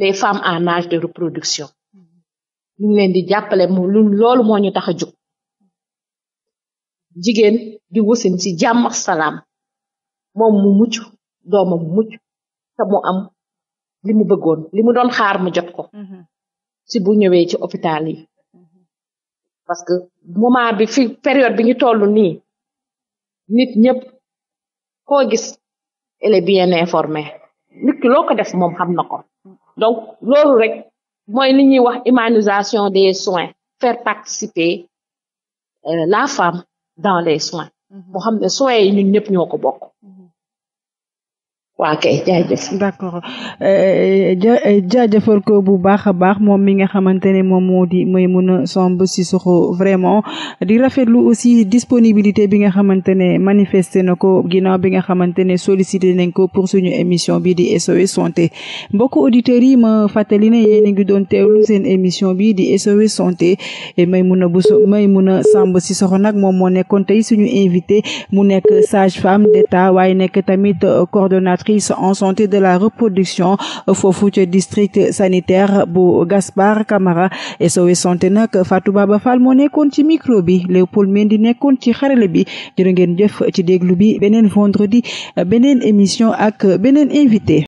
les femmes en âge de reproduction ñu ngi leen di jàppale mu loolu moo ñu tax a jóg jigéen di wasin ci jàmm salaam moom mu mucc doomam mu mucc te am li mu bëggoon li mu doon xaar mu jot ko mm-hmm. si bu ñëwee ci hôpital yi parce que moment bi fi période bi ñu toll nii nit ñëpp koo gis elle est bien informée nit ki loo ko def moom xam na ko donc loolu rek mooy li ñuy wax humanisation des soins faire participer euh, la femme dans les soins. mu xam ne soins yi ñun ñëpp ñoo ko bokk. waa kay jaajëf d'accord eh, eh, jaajëfal ko bu baax a baax moom mi nga xamante ne moom moo di Maimouna Samb Cissokho vraiment di rafetlu aussi disponibilité bi nga xamante ne manifesté na ko ginnaaw bi nga xamante ne sollicité nañ ko pour suñu émission bi di SOS santé mbokk auditeurs yi ma fàttali ne ngi doon teewlu seen émission bi di SOS santé Maimouna Bousso Maimouna Samb Cissokho nag moom moo nekkoon tey suñu invité mu nekk sage femme d'État waaye nekk tamit coordonnatrice éducatrice en santé de la reproduction foofu ci district sanitaire bu Gaspard Camara SOS santé nag Fatou Baba Fall moo nekkoon ci micro bi Léopold Mendy nekkoon ci xarale bi jërë ngeen jëf ci déglu bi beneen vendredi beneen émission ak beneen invité